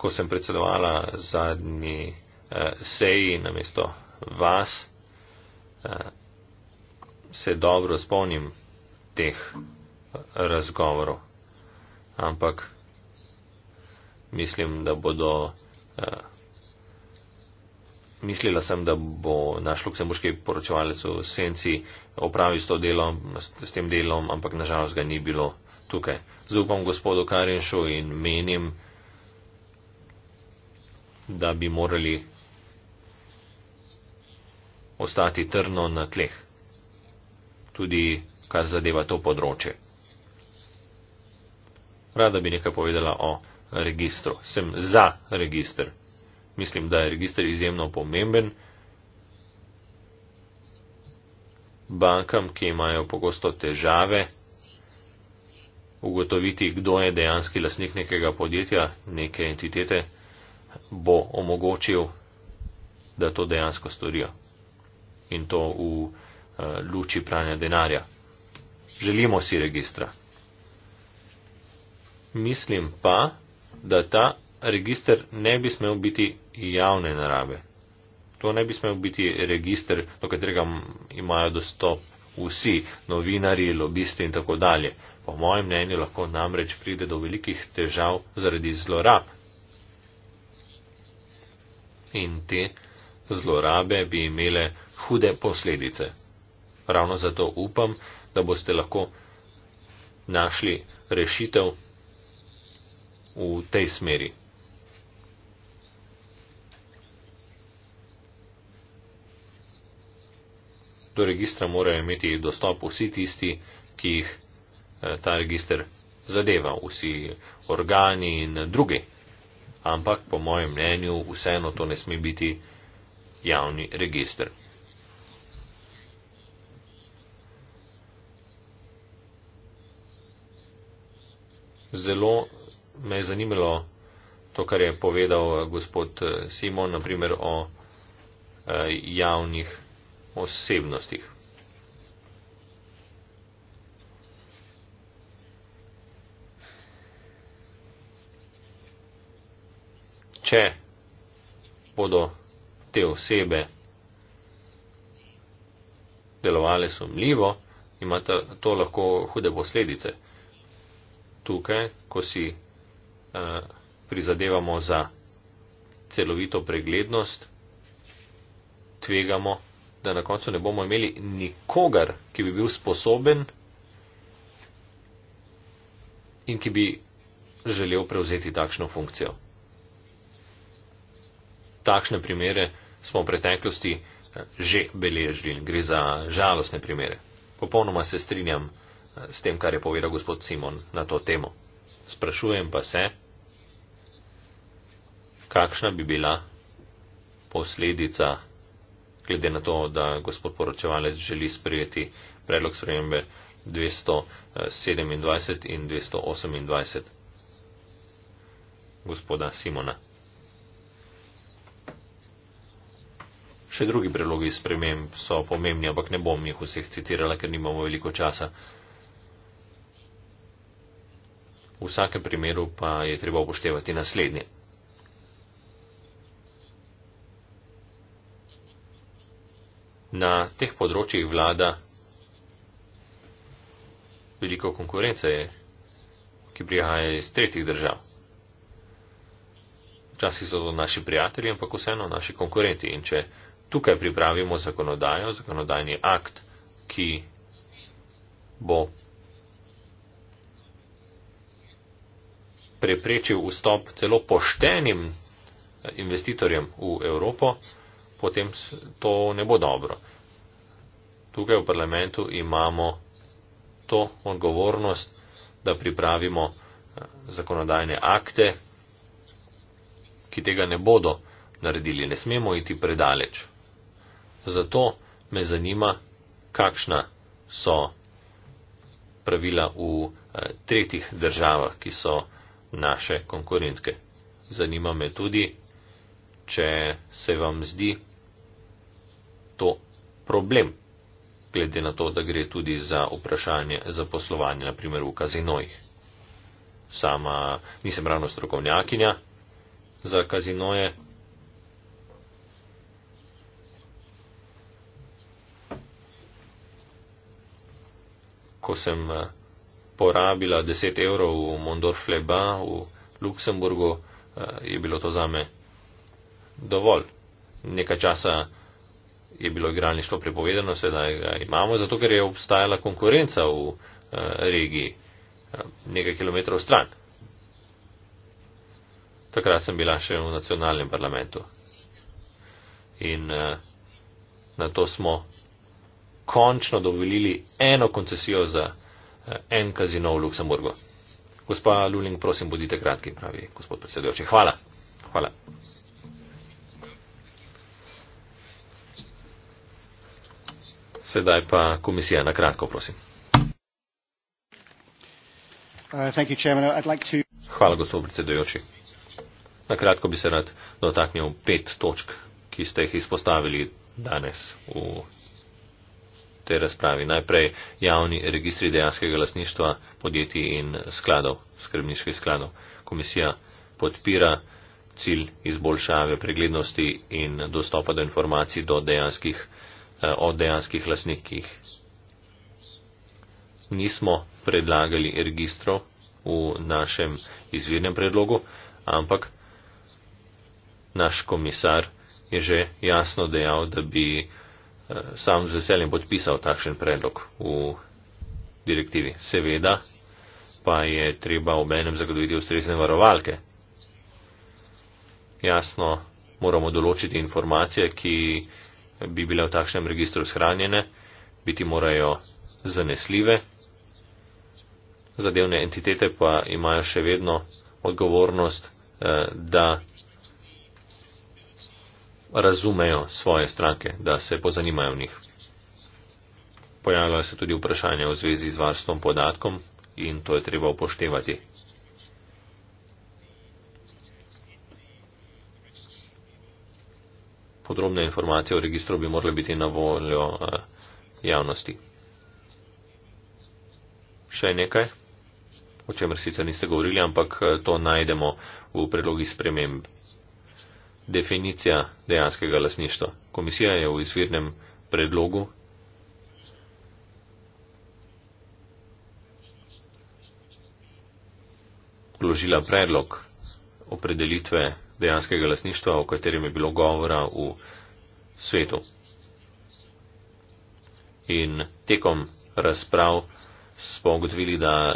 Ko sem predsedovala zadnji eh, seji na mesto vas, eh, se dobro spomnim teh eh, razgovorov ampak mislim, da bodo. Eh, mislila sem, da bo naš luksemburški poročevalec v senci opravil s, delo, s tem delom, ampak nažalost ga ni bilo tukaj. Zupam gospodu Karinšu in menim, da bi morali ostati trno na tleh, tudi kar zadeva to področje rada bi nekaj povedala o registru. Sem za registr. Mislim, da je registr izjemno pomemben. Bankam, ki imajo pogosto težave ugotoviti, kdo je dejanski lasnik nekega podjetja, neke entitete, bo omogočil, da to dejansko storijo. In to v uh, luči pranja denarja. Želimo si registra. Mislim pa, da ta registr ne bi smel biti javne narave. To ne bi smel biti registr, do katerega imajo dostop vsi novinari, lobisti in tako dalje. Po mojem mnenju lahko namreč pride do velikih težav zaradi zlorab. In te zlorabe bi imele hude posledice. Ravno zato upam, da boste lahko našli rešitev v tej smeri. Do registra morajo imeti dostop vsi tisti, ki jih eh, ta registr zadeva, vsi organi in drugi. Ampak, po mojem mnenju, vseeno to ne sme biti javni registr. Zelo me je zanimalo to, kar je povedal eh, gospod eh, Simon, naprimer o eh, javnih osebnostih. Če bodo te osebe delovale sumljivo, ima to lahko hude posledice. Tukaj, ko si Eh, prizadevamo za celovito preglednost, tvegamo, da na koncu ne bomo imeli nikogar, ki bi bil sposoben in ki bi želel prevzeti takšno funkcijo. Takšne primere smo v preteklosti eh, že beležili in gre za žalostne primere. Popolnoma se strinjam eh, s tem, kar je povedal gospod Simon na to temo sprašujem pa se, kakšna bi bila posledica, glede na to, da gospod poročevalec želi sprejeti predlog sprejembe 227 in 228 gospoda Simona. Še drugi predlogi sprememb so pomembni, ampak ne bom jih vseh citirala, ker nimamo veliko časa. V vsakem primeru pa je treba upoštevati naslednje. Na teh področjih vlada veliko konkurence, ki prihaja iz tretjih držav. Včasih so to naši prijatelji, ampak vseeno naši konkurenti. In če tukaj pripravimo zakonodajo, zakonodajni akt, ki bo preprečil vstop celo poštenim eh, investitorjem v Evropo, potem to ne bo dobro. Tukaj v parlamentu imamo to odgovornost, da pripravimo eh, zakonodajne akte, ki tega ne bodo naredili. Ne smemo iti predaleč. Zato me zanima, kakšna so pravila v eh, tretjih državah, ki so naše konkurentke. Zanima me tudi, če se vam zdi to problem, glede na to, da gre tudi za vprašanje za poslovanje, naprimer v kazinojih. Sama nisem ravno strokovnjakinja za kazinoje. Ko sem eh, porabila 10 evrov v Mondorfleba v Luksemburgu, eh, je bilo to zame dovolj. Nekaj časa je bilo igralništvo prepovedano, sedaj ga imamo, zato ker je obstajala konkurenca v eh, regiji eh, nekaj kilometrov stran. Takrat sem bila še v nacionalnem parlamentu. In na to smo končno dovolili eno koncesijo za. Eh, en kazino v Luksemburgu. Gospa Luling, prosim, bodite kratki, pravi gospod predsedujoči. Hvala. Hvala. Sedaj pa komisija na kratko, prosim. Uh, Hvala, gospod predsedujoči. Na kratko bi se rad dotaknil pet točk, ki ste jih izpostavili danes v tej razpravi. Najprej javni registri dejanskega lasništva podjetij in skladov, skrbniških skladov. Komisija podpira cilj izboljšave preglednosti in dostopa do informacij do dejanskih, eh, o dejanskih lasnikih. Nismo predlagali registrov v našem izvirnem predlogu, ampak naš komisar je že jasno dejal, da bi Eh, sam z veseljem podpisal takšen predlog v direktivi. Seveda pa je treba ob enem zagotoviti ustrezne varovalke. Jasno, moramo določiti informacije, ki bi bile v takšnem registru shranjene, biti morajo zanesljive. Zadevne entitete pa imajo še vedno odgovornost, eh, da razumejo svoje stranke, da se pozanimajo v njih. Pojavlja se tudi vprašanje v zvezi z varstvom podatkom in to je treba upoštevati. Podrobne informacije o registru bi morali biti na voljo eh, javnosti. Še nekaj, o čemer sicer niste govorili, ampak eh, to najdemo v predlogi sprememb definicija dejanskega lasništva. Komisija je v izvirnem predlogu vložila predlog opredelitve dejanskega lasništva, o katerem je bilo govora v svetu. In tekom razprav smo ugotovili, da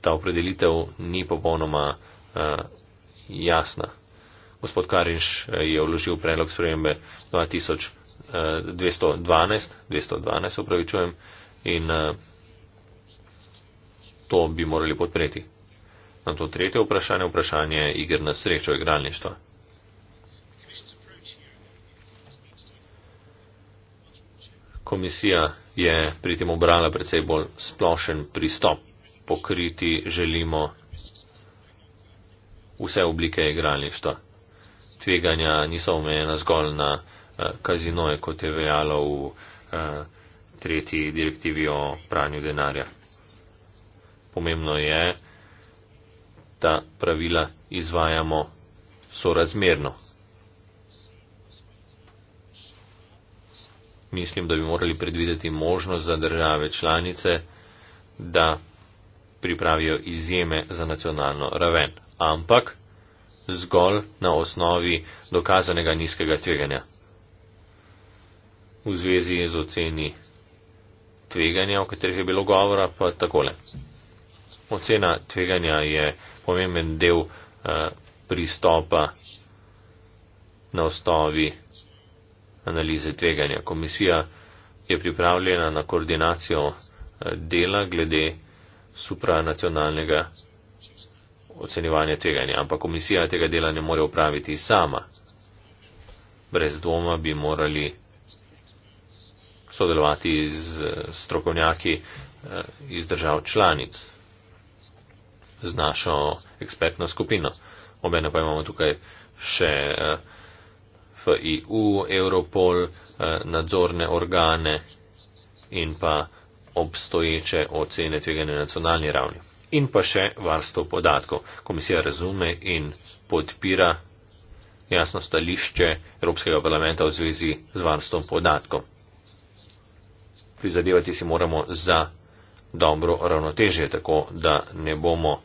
ta opredelitev ni popolnoma uh, jasna gospod Kariš eh, je vložil predlog spremembe 2212, 212 upravičujem, in eh, to bi morali podpreti. Na to tretje vprašanje, vprašanje igr na srečo igralništva. Komisija je pri tem obrala predvsej bolj splošen pristop. Pokriti želimo vse oblike igralništva tveganja niso omejena zgolj na eh, kazinoje, kot je vejalo v eh, tretji direktivi o pranju denarja. Pomembno je, da pravila izvajamo sorazmerno. Mislim, da bi morali predvideti možnost za države članice, da pripravijo izjeme za nacionalno raven. Ampak zgolj na osnovi dokazanega nizkega tveganja. V zvezi z oceni tveganja, o katerih je bilo govora, pa takole. Ocena tveganja je pomemben del uh, pristopa na osnovi analize tveganja. Komisija je pripravljena na koordinacijo eh, dela glede supranacionalnega ocenjevanje tveganja, ampak komisija tega dela ne more upraviti sama. Brez dvoma bi morali sodelovati z strokovnjaki eh, iz držav članic z našo ekspertno skupino. Obene pa imamo tukaj še eh, FIU, Europol, eh, nadzorne organe in pa obstoječe ocene tvega na nacionalni ravni in pa še varstvo podatkov. Komisija razume in podpira jasno stališče Evropskega parlamenta v zvezi z varstvom podatkov. Prizadevati si moramo za dobro ravnotežje, tako da ne bomo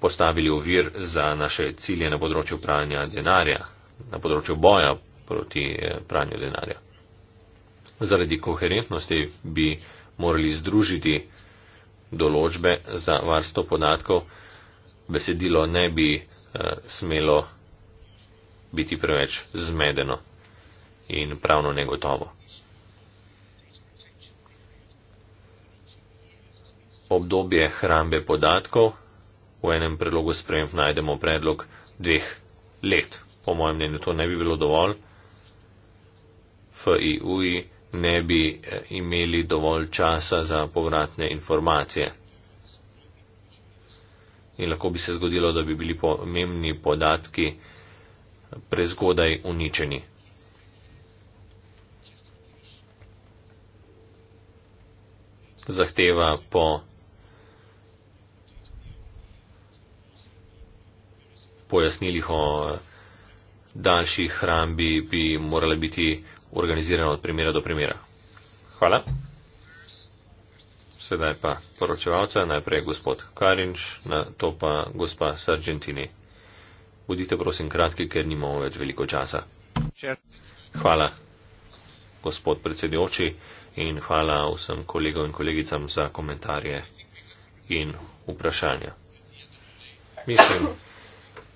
postavili uvir za naše cilje na področju pranja denarja, na področju boja proti eh, pranju denarja. Zaradi koherentnosti bi morali združiti določbe za varstvo podatkov, besedilo ne bi eh, smelo biti preveč zmedeno in pravno negotovo. Obdobje hrambe podatkov v enem predlogu sprememb najdemo predlog dveh let. Po mojem mnenju to ne bi bilo dovolj. FIUI ne bi eh, imeli dovolj časa za povratne informacije. In lahko bi se zgodilo, da bi bili pomembni podatki prezgodaj uničeni. Zahteva po pojasnilih o daljši hrambi bi morala biti organizirano od primera do primera. Hvala. Sedaj pa poročevalca, najprej gospod Karinč, na to pa gospa Sargentini. Budite prosim kratki, ker nimamo več veliko časa. Hvala, gospod predsedujoči, in hvala vsem kolegom in kolegicam za komentarje in vprašanja. Mislim,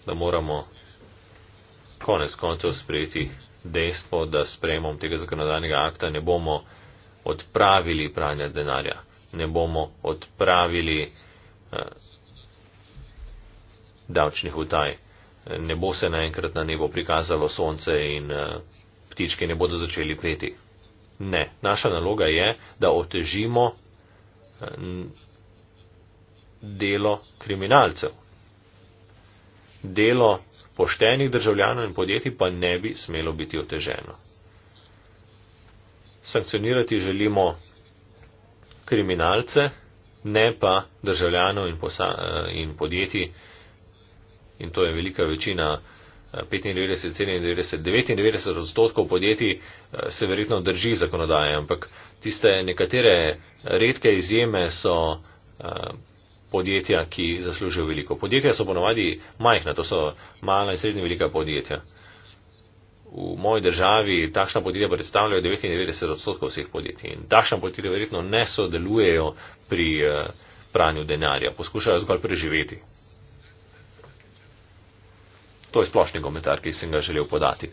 da moramo konec koncev sprejeti dejstvo, da s prejemom tega zakonodajnega akta ne bomo odpravili pranja denarja, ne bomo odpravili eh, davčnih utaj, ne bo se naenkrat na nebo prikazalo sonce in eh, ptičke ne bodo začeli peti. Ne, naša naloga je, da otežimo eh, delo kriminalcev. Delo poštenih državljanov in podjetij pa ne bi smelo biti oteženo. Sankcionirati želimo kriminalce, ne pa državljanov in, eh, in podjetij, in to je velika večina, 95, 97, 99 odstotkov podjetij eh, se verjetno drži zakonodaje, ampak tiste nekatere redke izjeme so eh, podjetja, ki zaslužijo veliko. Podjetja so ponovadi majhna, to so mala in srednje velika podjetja. V moji državi takšna podjetja predstavljajo 99 odstotkov vseh podjetij in takšna podjetja verjetno ne sodelujejo pri eh, pranju denarja, poskušajo zgolj preživeti. To je splošni komentar, ki sem ga želel podati.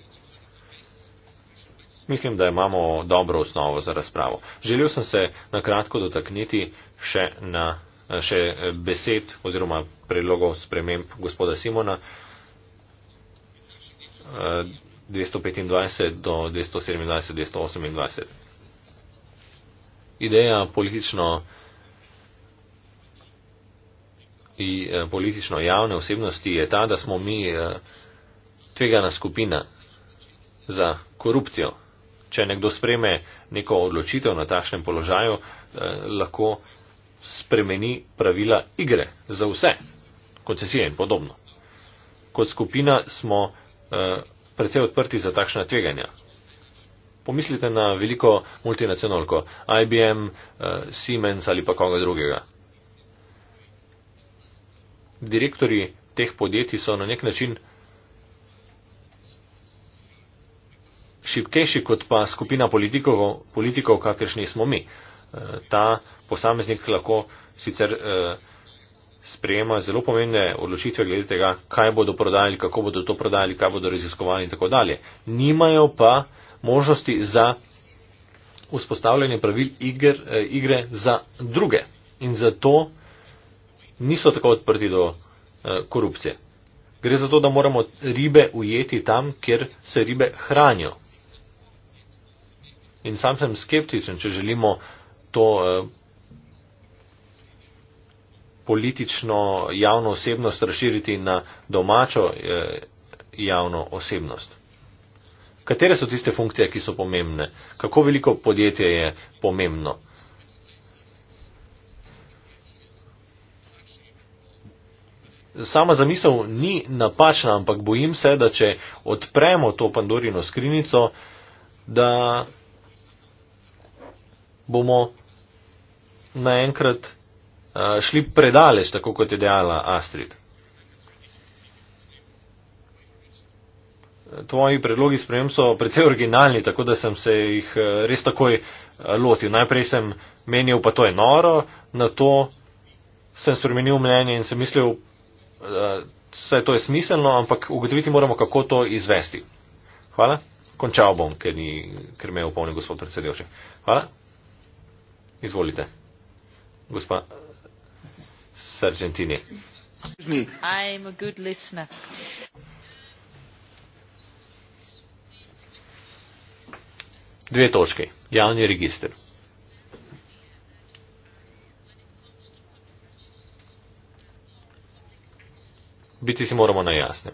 Mislim, da imamo dobro osnovo za razpravo. Želel sem se na kratko dotakniti še na še besed oziroma predlogov sprememb gospoda Simona. 225 eh, do 227-228. Ideja politično, i, eh, politično javne osebnosti je ta, da smo mi eh, tvegana skupina za korupcijo. Če nekdo spreme neko odločitev na takšnem položaju, lahko spremeni pravila igre za vse, koncesije in podobno. Kot skupina smo eh, precej odprti za takšna tveganja. Pomislite na veliko multinacionalko, IBM, eh, Siemens ali pa koga drugega. Direktori teh podjetij so na nek način šipkejši kot pa skupina politikov, politikov kakršni smo mi ta posameznik lahko sicer eh, sprejema zelo pomembne odločitve glede tega, kaj bodo prodajali, kako bodo to prodajali, kaj bodo raziskovali in tako dalje. Nimajo pa možnosti za vzpostavljanje pravil igr, eh, igre za druge in zato niso tako odprti do eh, korupcije. Gre za to, da moramo ribe ujeti tam, kjer se ribe hranijo. In sam sem skeptičen, če želimo to eh, politično javno osebnost razširiti na domačo eh, javno osebnost. Katere so tiste funkcije, ki so pomembne? Kako veliko podjetje je pomembno? Sama zamisel ni napačna, ampak bojim se, da če odpremo to Pandorino skrinico, da bomo naenkrat uh, šli predaleč, tako kot je dejala Astrid. Tvoji predlogi sprejem so precej originalni, tako da sem se jih res takoj lotil. Najprej sem menil, pa to je noro, na to sem spremenil mnenje in sem mislil, da to je smiselno, ampak ugotoviti moramo, kako to izvesti. Hvala. Končal bom, ker, ni, ker me je upolnil gospod predsedevče. Hvala. Izvolite. Gospa Sargentini. Dve točke. Javni registr. Biti si moramo na jasnem.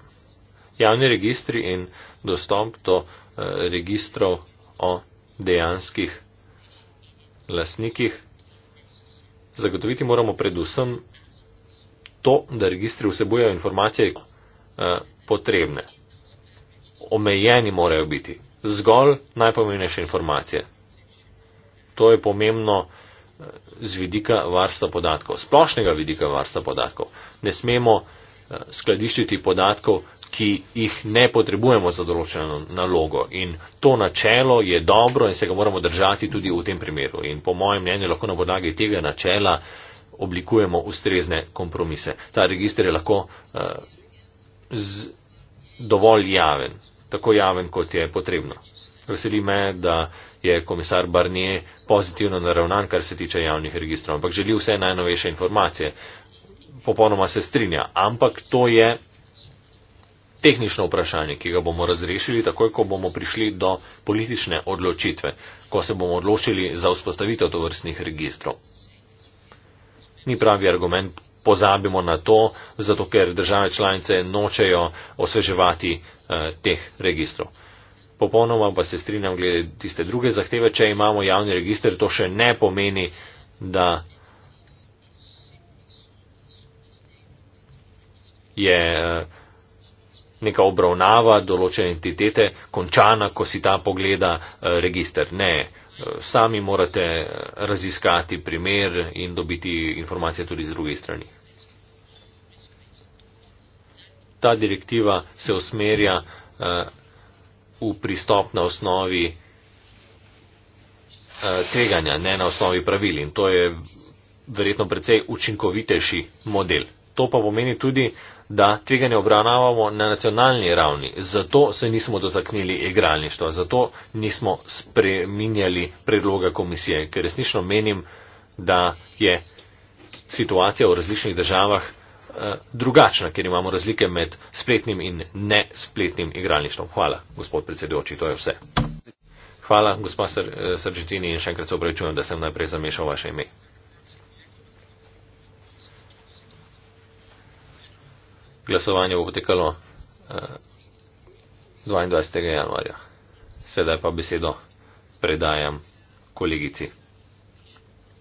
Javni registri in dostop do eh, registrov o dejanskih lasnikih, zagotoviti moramo predvsem to, da registri vsebujejo informacije eh, potrebne. Omejeni morajo biti. Zgolj najpomembnejše informacije. To je pomembno eh, z vidika varstva podatkov, splošnega vidika varstva podatkov. Ne smemo eh, Eh, skladiščiti podatkov, ki jih ne potrebujemo za določeno nalogo. In to načelo je dobro in se ga moramo držati tudi v tem primeru. In po mojem mnenju lahko na podlagi tega načela oblikujemo ustrezne kompromise. Ta registr je lahko uh, z, dovolj javen, tako javen, kot je potrebno. Veseli me, da je komisar Barnier pozitivno naravnan, kar se tiče javnih registrov, ampak želi vse najnovejše informacije. Uh, popolnoma se strinja, ampak to je tehnično vprašanje, ki ga bomo razrešili takoj, ko bomo prišli do politične odločitve, ko se bomo odločili za vzpostavitev tovrstnih registrov. Ni pravi argument, pozabimo na to, zato ker države članice nočejo osveževati eh, teh registrov. Popolnoma pa se strinjam glede tiste druge zahteve, če imamo javni register, to še ne pomeni, da je eh, neka obravnava določene entitete končana, ko si ta pogleda eh, register. Ne, eh, sami morate raziskati primer in dobiti informacije tudi z druge strani. Ta direktiva se usmerja v pristop na osnovi tveganja, ne na osnovi pravil in to je verjetno precej učinkovitejši model to pa pomeni tudi, da tveganje obravnavamo na nacionalni ravni. Zato se nismo dotaknili igralništva, zato nismo spreminjali predloga komisije, ker resnično menim, da je situacija v različnih državah eh, drugačna, ker imamo razlike med spletnim in nespletnim igralništvom. Hvala, gospod predsedujoči, to je vse. Hvala, gospod Sržetini, eh, in še enkrat se obračujem, da sem najprej zamešal vaše ime. glasovanje bo potekalo 22. Eh, januarja. Sedaj pa besedo predajam kolegici,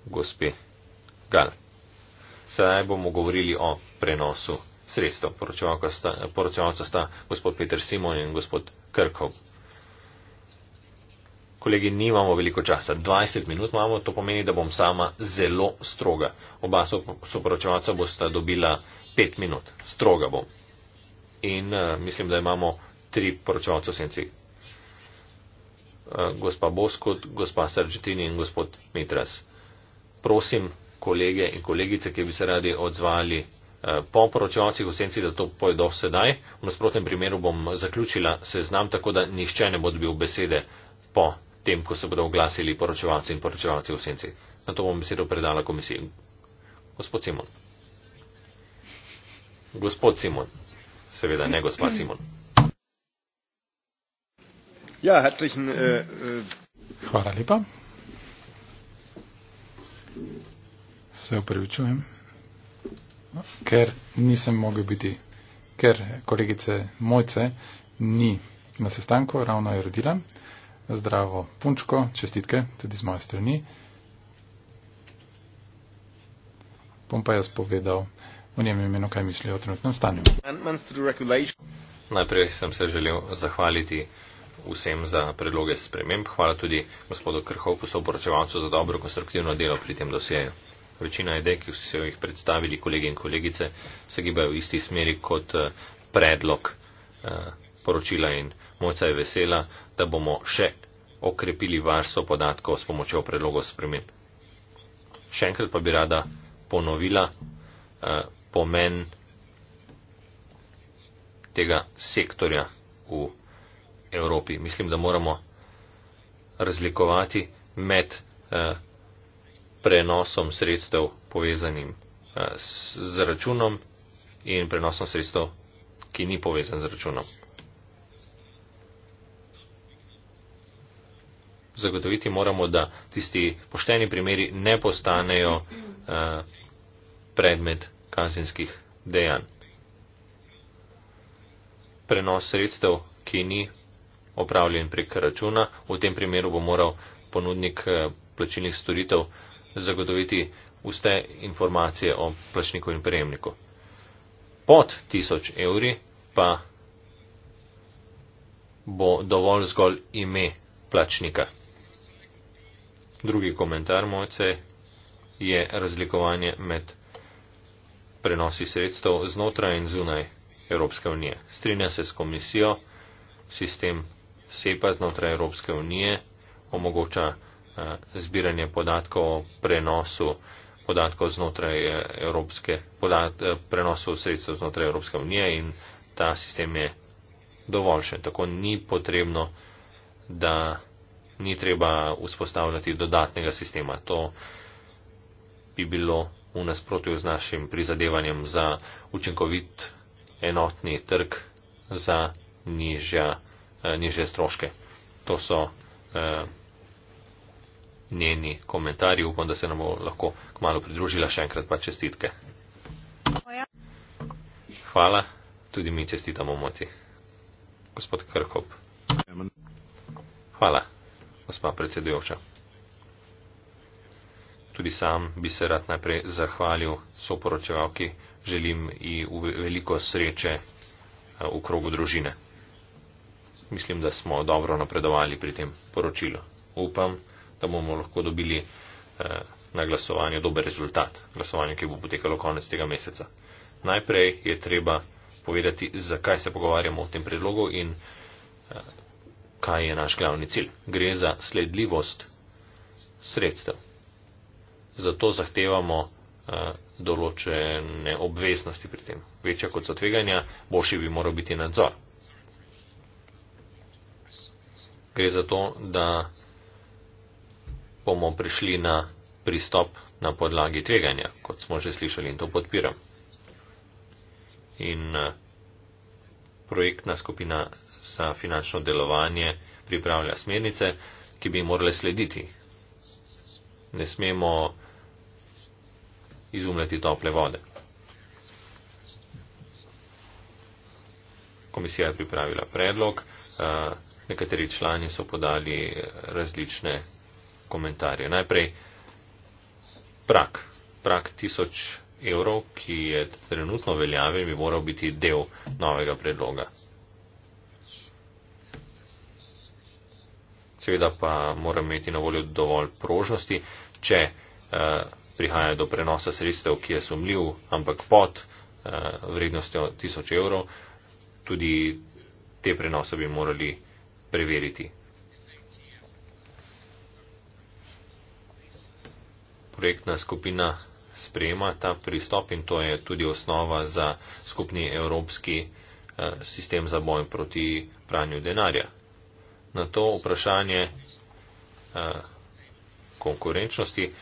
gospe Gal. Sedaj bomo govorili o prenosu sredstev. Poročevalca sta gospod Peter Simon in gospod Krkov. Kolegi, nimamo veliko časa. 20 minut imamo, to pomeni, da bom sama zelo stroga. Oba soporočevalca bosta dobila pet minut, stroga bom. In uh, mislim, da imamo tri poročevalce v senci. Uh, gospa Boskot, gospa Sržetini in gospod Mitras. Prosim kolege in kolegice, ki bi se radi odzvali uh, po poročevalcih v senci, da to pojedo sedaj. V nasprotnem primeru bom zaključila seznam, tako da nihče ne bo dobil besede po tem, ko se bodo oglasili poročevalci in poročevalci v senci. Na to bom besedo predala komisiji. Gospod Simon gospod Simon. Seveda ne gospa Simon. Ja, herzlichen, äh, äh... Hvala lepa. Se upravičujem, ker nisem mogel biti, ker kolegice Mojce ni na sestanku, ravno je rodila. Zdravo, punčko, čestitke tudi z moje strani. Bom pa jaz povedal v njem imenu, kaj misli o trenutnem stanju. Najprej sem se želel zahvaliti vsem za predloge sprememb. Hvala tudi gospodu Krhovku, soporočevalcu za dobro konstruktivno delo pri tem dosjeju. Večina idej, ki so jih predstavili kolegi in kolegice, se gibajo v isti smeri kot eh, predlog eh, poročila in moca je vesela, da bomo še okrepili varstvo podatkov s pomočjo predlogov sprememb. Še enkrat pa bi rada ponovila eh, pomen tega sektorja v Evropi. Mislim, da moramo razlikovati med eh, prenosom sredstev povezanim eh, z računom in prenosom sredstev, ki ni povezan z računom. Zagotoviti moramo, da tisti pošteni primeri ne postanejo eh, predmet kazenskih dejanj. Prenos sredstev, ki ni opravljen prek računa, v tem primeru bo moral ponudnik eh, plačilnih storitev zagotoviti vse informacije o plačniku in prejemniku. Pod 1000 evri pa bo dovolj zgolj ime plačnika. Drugi komentar mojce je razlikovanje med plačnikom prenosi sredstev znotraj in zunaj Evropske unije. Strinja se s komisijo, sistem SEPA znotraj Evropske unije omogoča eh, zbiranje podatkov o prenosu podatkov znotraj eh, Evropske, podat, eh, prenosu sredstev znotraj Evropske unije in ta sistem je dovoljšen. Tako ni potrebno, da ni treba vzpostavljati dodatnega sistema. To bi bilo v nasprotju z našim prizadevanjem za učinkovit enotni trg za nižja, eh, nižje stroške. To so eh, njeni komentarji. Upam, da se nam bo lahko kmalo pridružila. Še enkrat pa čestitke. Hvala. Tudi mi čestitamo moci. Gospod Krhop. Hvala, gospa predsedujoča. Tudi sam bi se rad najprej zahvalil soporočevalki, želim ji veliko sreče eh, v krogu družine. Mislim, da smo dobro napredovali pri tem poročilu. Upam, da bomo lahko dobili eh, na glasovanju dober rezultat, glasovanje, ki bo potekalo konec tega meseca. Najprej je treba povedati, zakaj se pogovarjamo o tem predlogu in eh, kaj je naš glavni cilj. Gre za sledljivost sredstev zato zahtevamo eh, določene obveznosti pri tem. Večja kot so tveganja, boljši bi moral biti nadzor. Gre za to, da bomo prišli na pristop na podlagi tveganja, kot smo že slišali in to podpiram. In eh, projektna skupina za finančno delovanje pripravlja smernice, ki bi morale slediti. Ne smemo izumljati tople vode. Komisija je pripravila predlog, eh, nekateri člani so podali različne komentarje. Najprej prak, prak tisoč evrov, ki je trenutno veljavi, bi moral biti del novega predloga. Seveda pa mora imeti na voljo dovolj prožnosti, če eh, prihaja do prenosa sredstev, ki je sumljiv, ampak pod eh, vrednostjo 1000 evrov, tudi te prenose bi morali preveriti. Projektna skupina sprejema ta pristop in to je tudi osnova za skupni evropski eh, sistem za boj proti pranju denarja. Na to vprašanje eh, konkurenčnosti uh,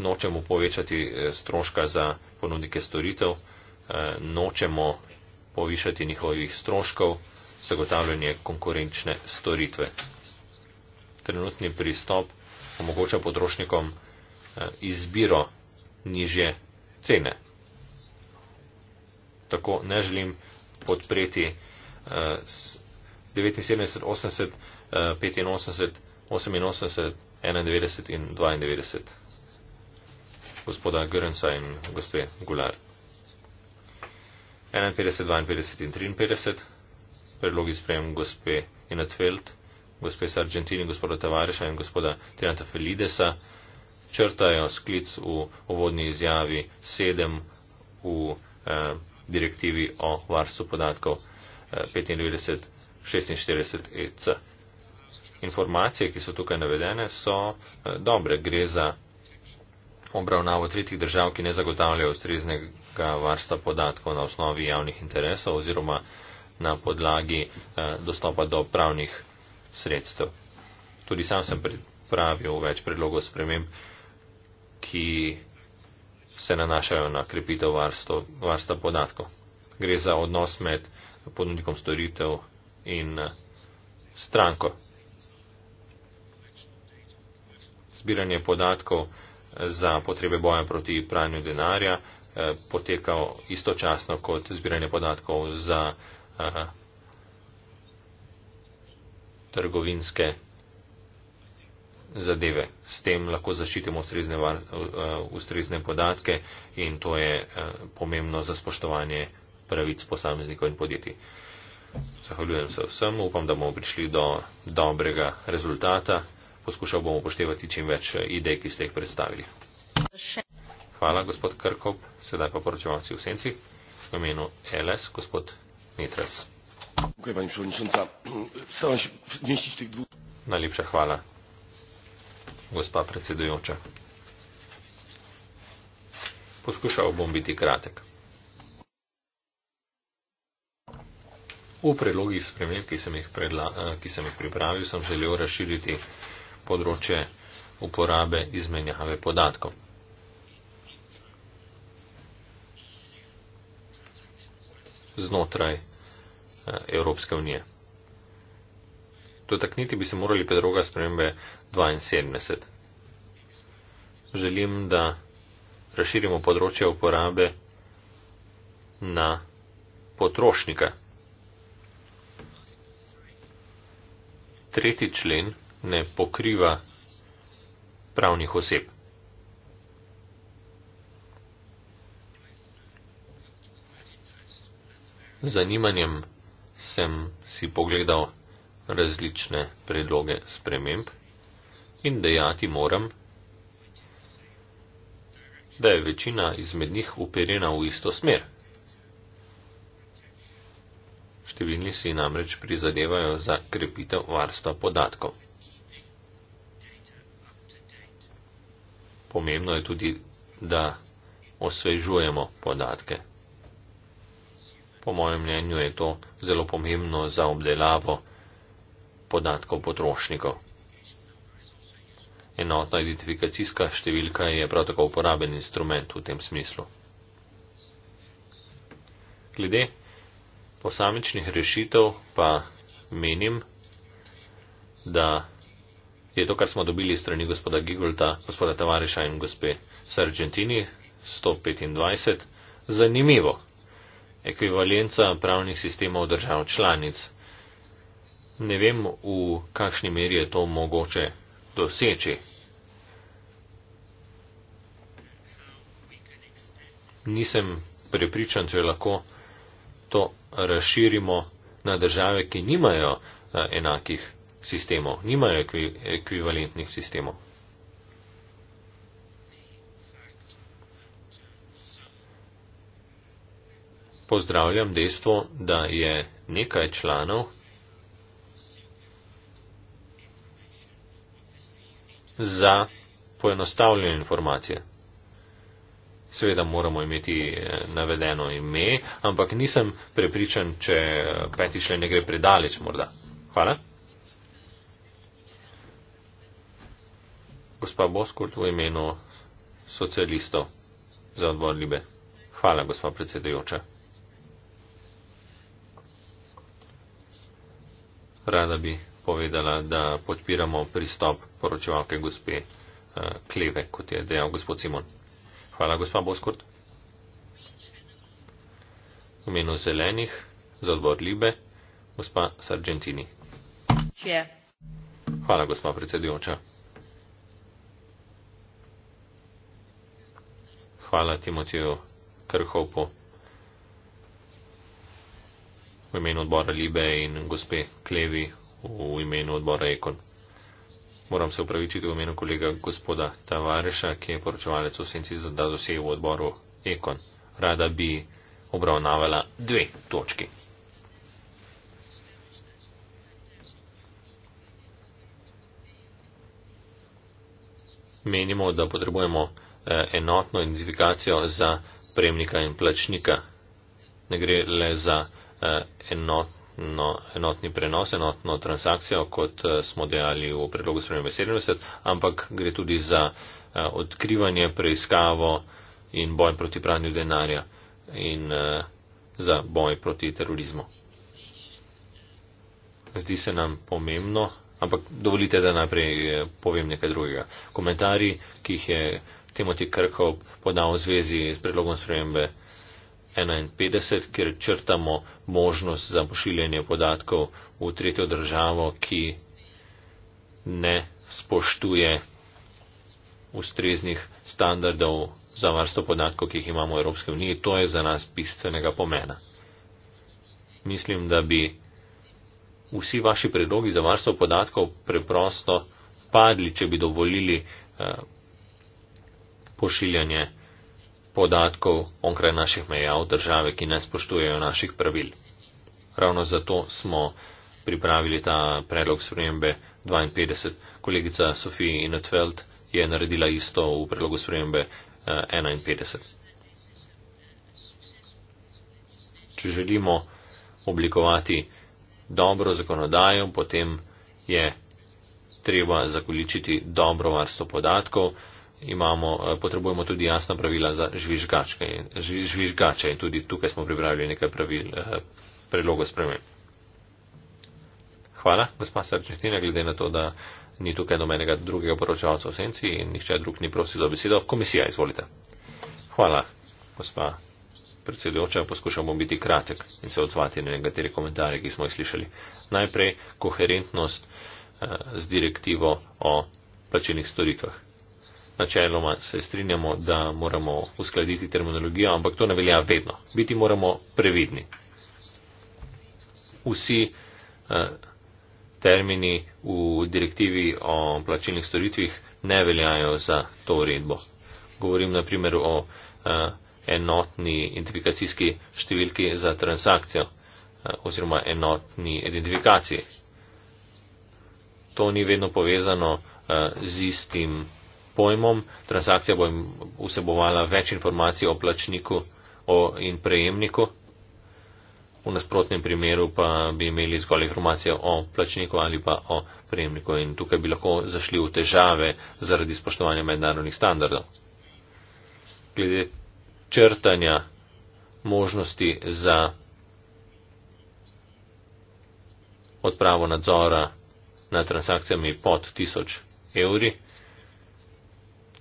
nočemo povečati eh, stroška za ponudnike storitev, eh, nočemo povišati njihovih stroškov zagotavljanje konkurenčne storitve. Trenutni pristop omogoča potrošnikom eh, izbiro nižje cene. Tako ne želim podpreti 79, 80, 85, 88, 91 in 92 gospoda Grnca in gospe Gular. 51, 52 in 53. Predlogi sprejem gospe Inatfeld, gospe Sargentini, gospoda Tavareša in gospoda Tirata Felidesa. Črtajo sklic v uvodni izjavi 7 v eh, direktivi o varstvu podatkov eh, 95-46 EC. Informacije, ki so tukaj navedene, so eh, dobre. Gre za obravnavo tretjih držav, ki ne zagotavljajo ustreznega varsta podatkov na osnovi javnih interesov oziroma na podlagi eh, dostopa do pravnih sredstev. Tudi sam sem pripravil več predlogov sprememb, ki se nanašajo na krepitev varsto, varsta podatkov. Gre za odnos med ponudnikom storitev in eh, stranko. Zbiranje podatkov za potrebe boja proti pranju denarja eh, potekal istočasno kot zbiranje podatkov za eh, trgovinske zadeve. S tem lahko zaščitimo ustrezne, eh, ustrezne podatke in to je pomembno za spoštovanje pravic posameznikov in podjetij. Zahvaljujem se vsem, upam, da bomo prišli do dobrega rezultata poskušal bomo upoštevati čim več eh, idej, ki ste jih predstavili. Hvala, gospod Krkop. Sedaj pa poročevalci v senci. V imenu LS, gospod Mitras. Najlepša hvala, gospa predsedujoča. Poskušal bom biti kratek. V predlogih sprememb, ki, eh, ki sem jih pripravil, sem želel razširiti področje uporabe izmenjave podatkov. znotraj eh, Evropske unije. Dotakniti bi se morali predroga spremembe 72. Želim, da razširimo področje uporabe na potrošnika. Tretji člen ne pokriva pravnih oseb. Z zanimanjem sem si pogledal različne predloge sprememb in dejati moram, da je večina izmed njih uperjena v isto smer. Številni si namreč prizadevajo za krepitev varstva podatkov. pomembno je tudi, da osvežujemo podatke. Po mojem mnenju je to zelo pomembno za obdelavo podatkov potrošnikov. Enotna identifikacijska številka je prav tako uporaben instrument v tem smislu. Glede posamičnih rešitev pa menim, da je to, kar smo dobili strani gospoda Gigolta, gospoda Tavareša in gospe Sargentini 125. Zanimivo. Ekvivalenca pravnih sistemov držav članic. Ne vem, v kakšni meri je to mogoče doseči. Nisem prepričan, če lahko to razširimo na države, ki nimajo eh, enakih sistemov, nimajo ekvi, ekvivalentnih sistemov. Pozdravljam dejstvo, da je nekaj članov za poenostavljene informacije. Seveda moramo imeti eh, navedeno ime, ampak nisem prepričan, če eh, peti člen ne gre predaleč morda. Hvala. gospa Boskurt v imenu socialistov za odbor Libe. Hvala, gospa predsedujoča. Rada bi povedala, da podpiramo pristop poročevalke gospe eh, Kleve, kot je dejal gospod Simon. Hvala, gospa Boskurt. V imenu zelenih za odbor Libe, gospa Sargentini. Hvala, gospa predsedujoča. hvala Timoteju Krhopu v imenu odbora Libe in gospe Klevi v imenu odbora Ekon. Moram se upravičiti v imenu kolega gospoda Tavareša, ki je poročevalec v senci za da dosej v odboru Ekon. Rada bi obravnavala dve točki. Menimo, da potrebujemo Eh, enotno identifikacijo za prejemnika in plačnika. Ne gre le za eh, enotno, enotni prenos, enotno transakcijo, kot eh, smo dejali v predlogu spremembe 70, ampak gre tudi za odkrivanje, preiskavo in boj proti pranju denarja in za boj proti terorizmu. Zdi se nam pomembno, ampak dovolite, da najprej povem nekaj drugega. Komentari, ki jih je Timothy Krkov podal v zvezi s predlogom spremembe 51, kjer črtamo možnost za pošiljanje podatkov v tretjo državo, ki ne spoštuje ustreznih standardov za varstvo podatkov, ki jih imamo v Evropske unije. To je za nas bistvenega pomena. Mislim, da bi vsi vaši predlogi za varstvo podatkov preprosto padli, če bi dovolili eh, pošiljanje podatkov onkraj naših meja v države, ki ne spoštujejo naših pravil. Ravno zato smo pripravili ta predlog spremembe 52. Kolegica Sofija Inetveld je naredila isto v predlogu spremembe 51. Eh, Če želimo oblikovati dobro zakonodajo, potem je treba zakoličiti dobro varstvo podatkov imamo, eh, potrebujemo tudi jasna pravila za žvižgačke. žvižgače in tudi tukaj smo pripravili nekaj pravil eh, predlogo spremenj. Hvala, gospa Srčeština, glede na to, da ni tukaj nobenega drugega poročevalca v senci in nihče drug ni prosil za besedo. Komisija, izvolite. Hvala, gospa predsedujoča, poskušal bom biti kratek in se odzvati na nekatere komentarje, ki smo jih slišali. Najprej koherentnost eh, z direktivo o plačenih storitvah načeloma se strinjamo, da moramo uskladiti terminologijo, ampak to ne velja vedno. Biti moramo previdni. Vsi eh, termini v direktivi o plačilnih storitvih ne veljajo za to uredbo. Govorim na primer o eh, enotni identifikacijski številki za transakcijo eh, oziroma enotni identifikaciji. To ni vedno povezano eh, z istim pojmom, transakcija bo vsebovala več informacij o plačniku o in prejemniku, v nasprotnem primeru pa bi imeli zgolj informacijo o plačniku ali pa o prejemniku in tukaj bi lahko zašli v težave zaradi spoštovanja mednarodnih standardov. Glede črtanja možnosti za odpravo nadzora nad transakcijami pod 1000 evri,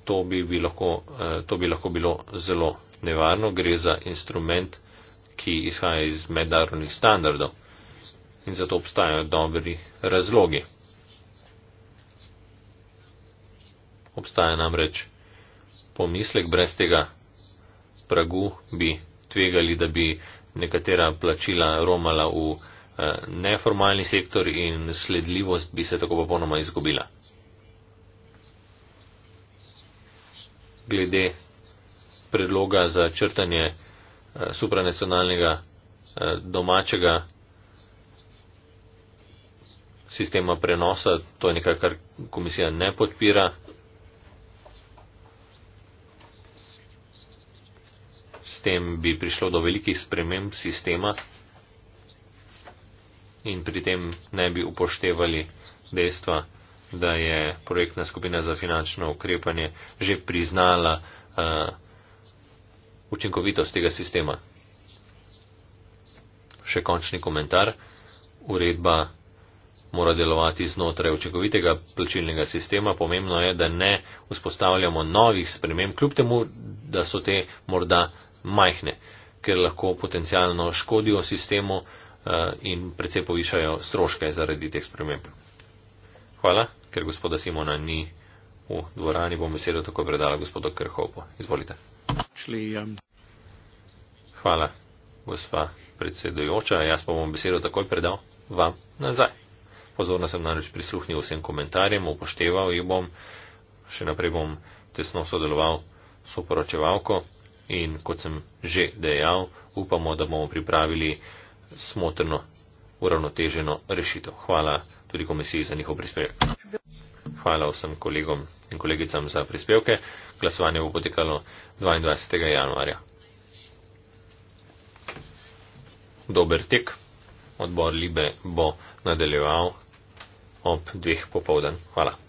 to bi, bi lahko, eh, to bi lahko bilo zelo nevarno. Gre za instrument, ki izhaja iz mednarodnih standardov in zato obstajajo dobri razlogi. Obstaja namreč pomislek, brez tega pragu bi tvegali, da bi nekatera plačila romala v eh, neformalni sektor in sledljivost bi se tako popolnoma izgubila. glede predloga za črtanje eh, supranacionalnega eh, domačega sistema prenosa. To je nekaj, kar komisija ne podpira. S tem bi prišlo do velikih sprememb sistema in pri tem ne bi upoštevali dejstva da je projektna skupina za finančno ukrepanje že priznala uh, učinkovitost tega sistema. Še končni komentar. Uredba mora delovati znotraj učinkovitega plačilnega sistema. Pomembno je, da ne vzpostavljamo novih sprememb, kljub temu, da so te morda majhne, ker lahko potencialno škodijo sistemu uh, in predvsej povišajo stroške zaradi teh sprememb. Hvala ker gospoda Simona ni v dvorani, bom besedo tako predala gospodu Krhopu. Izvolite. Um, Hvala, gospa predsedujoča. Jaz pa bom besedo takoj predal vam nazaj. Pozorno sem namreč prisluhnil vsem komentarjem, upošteval jih bom, še naprej bom tesno sodeloval s oporočevalko in kot sem že dejal, upamo, da bomo pripravili smotrno uravnoteženo rešitev. Hvala tudi komisiji za njihov prispevek. Hvala vsem kolegom in kolegicam za prispevke. Glasovanje bo potekalo 22. januarja. Dober tek. Odbor Libe bo nadaljeval ob dveh popovdan. Hvala.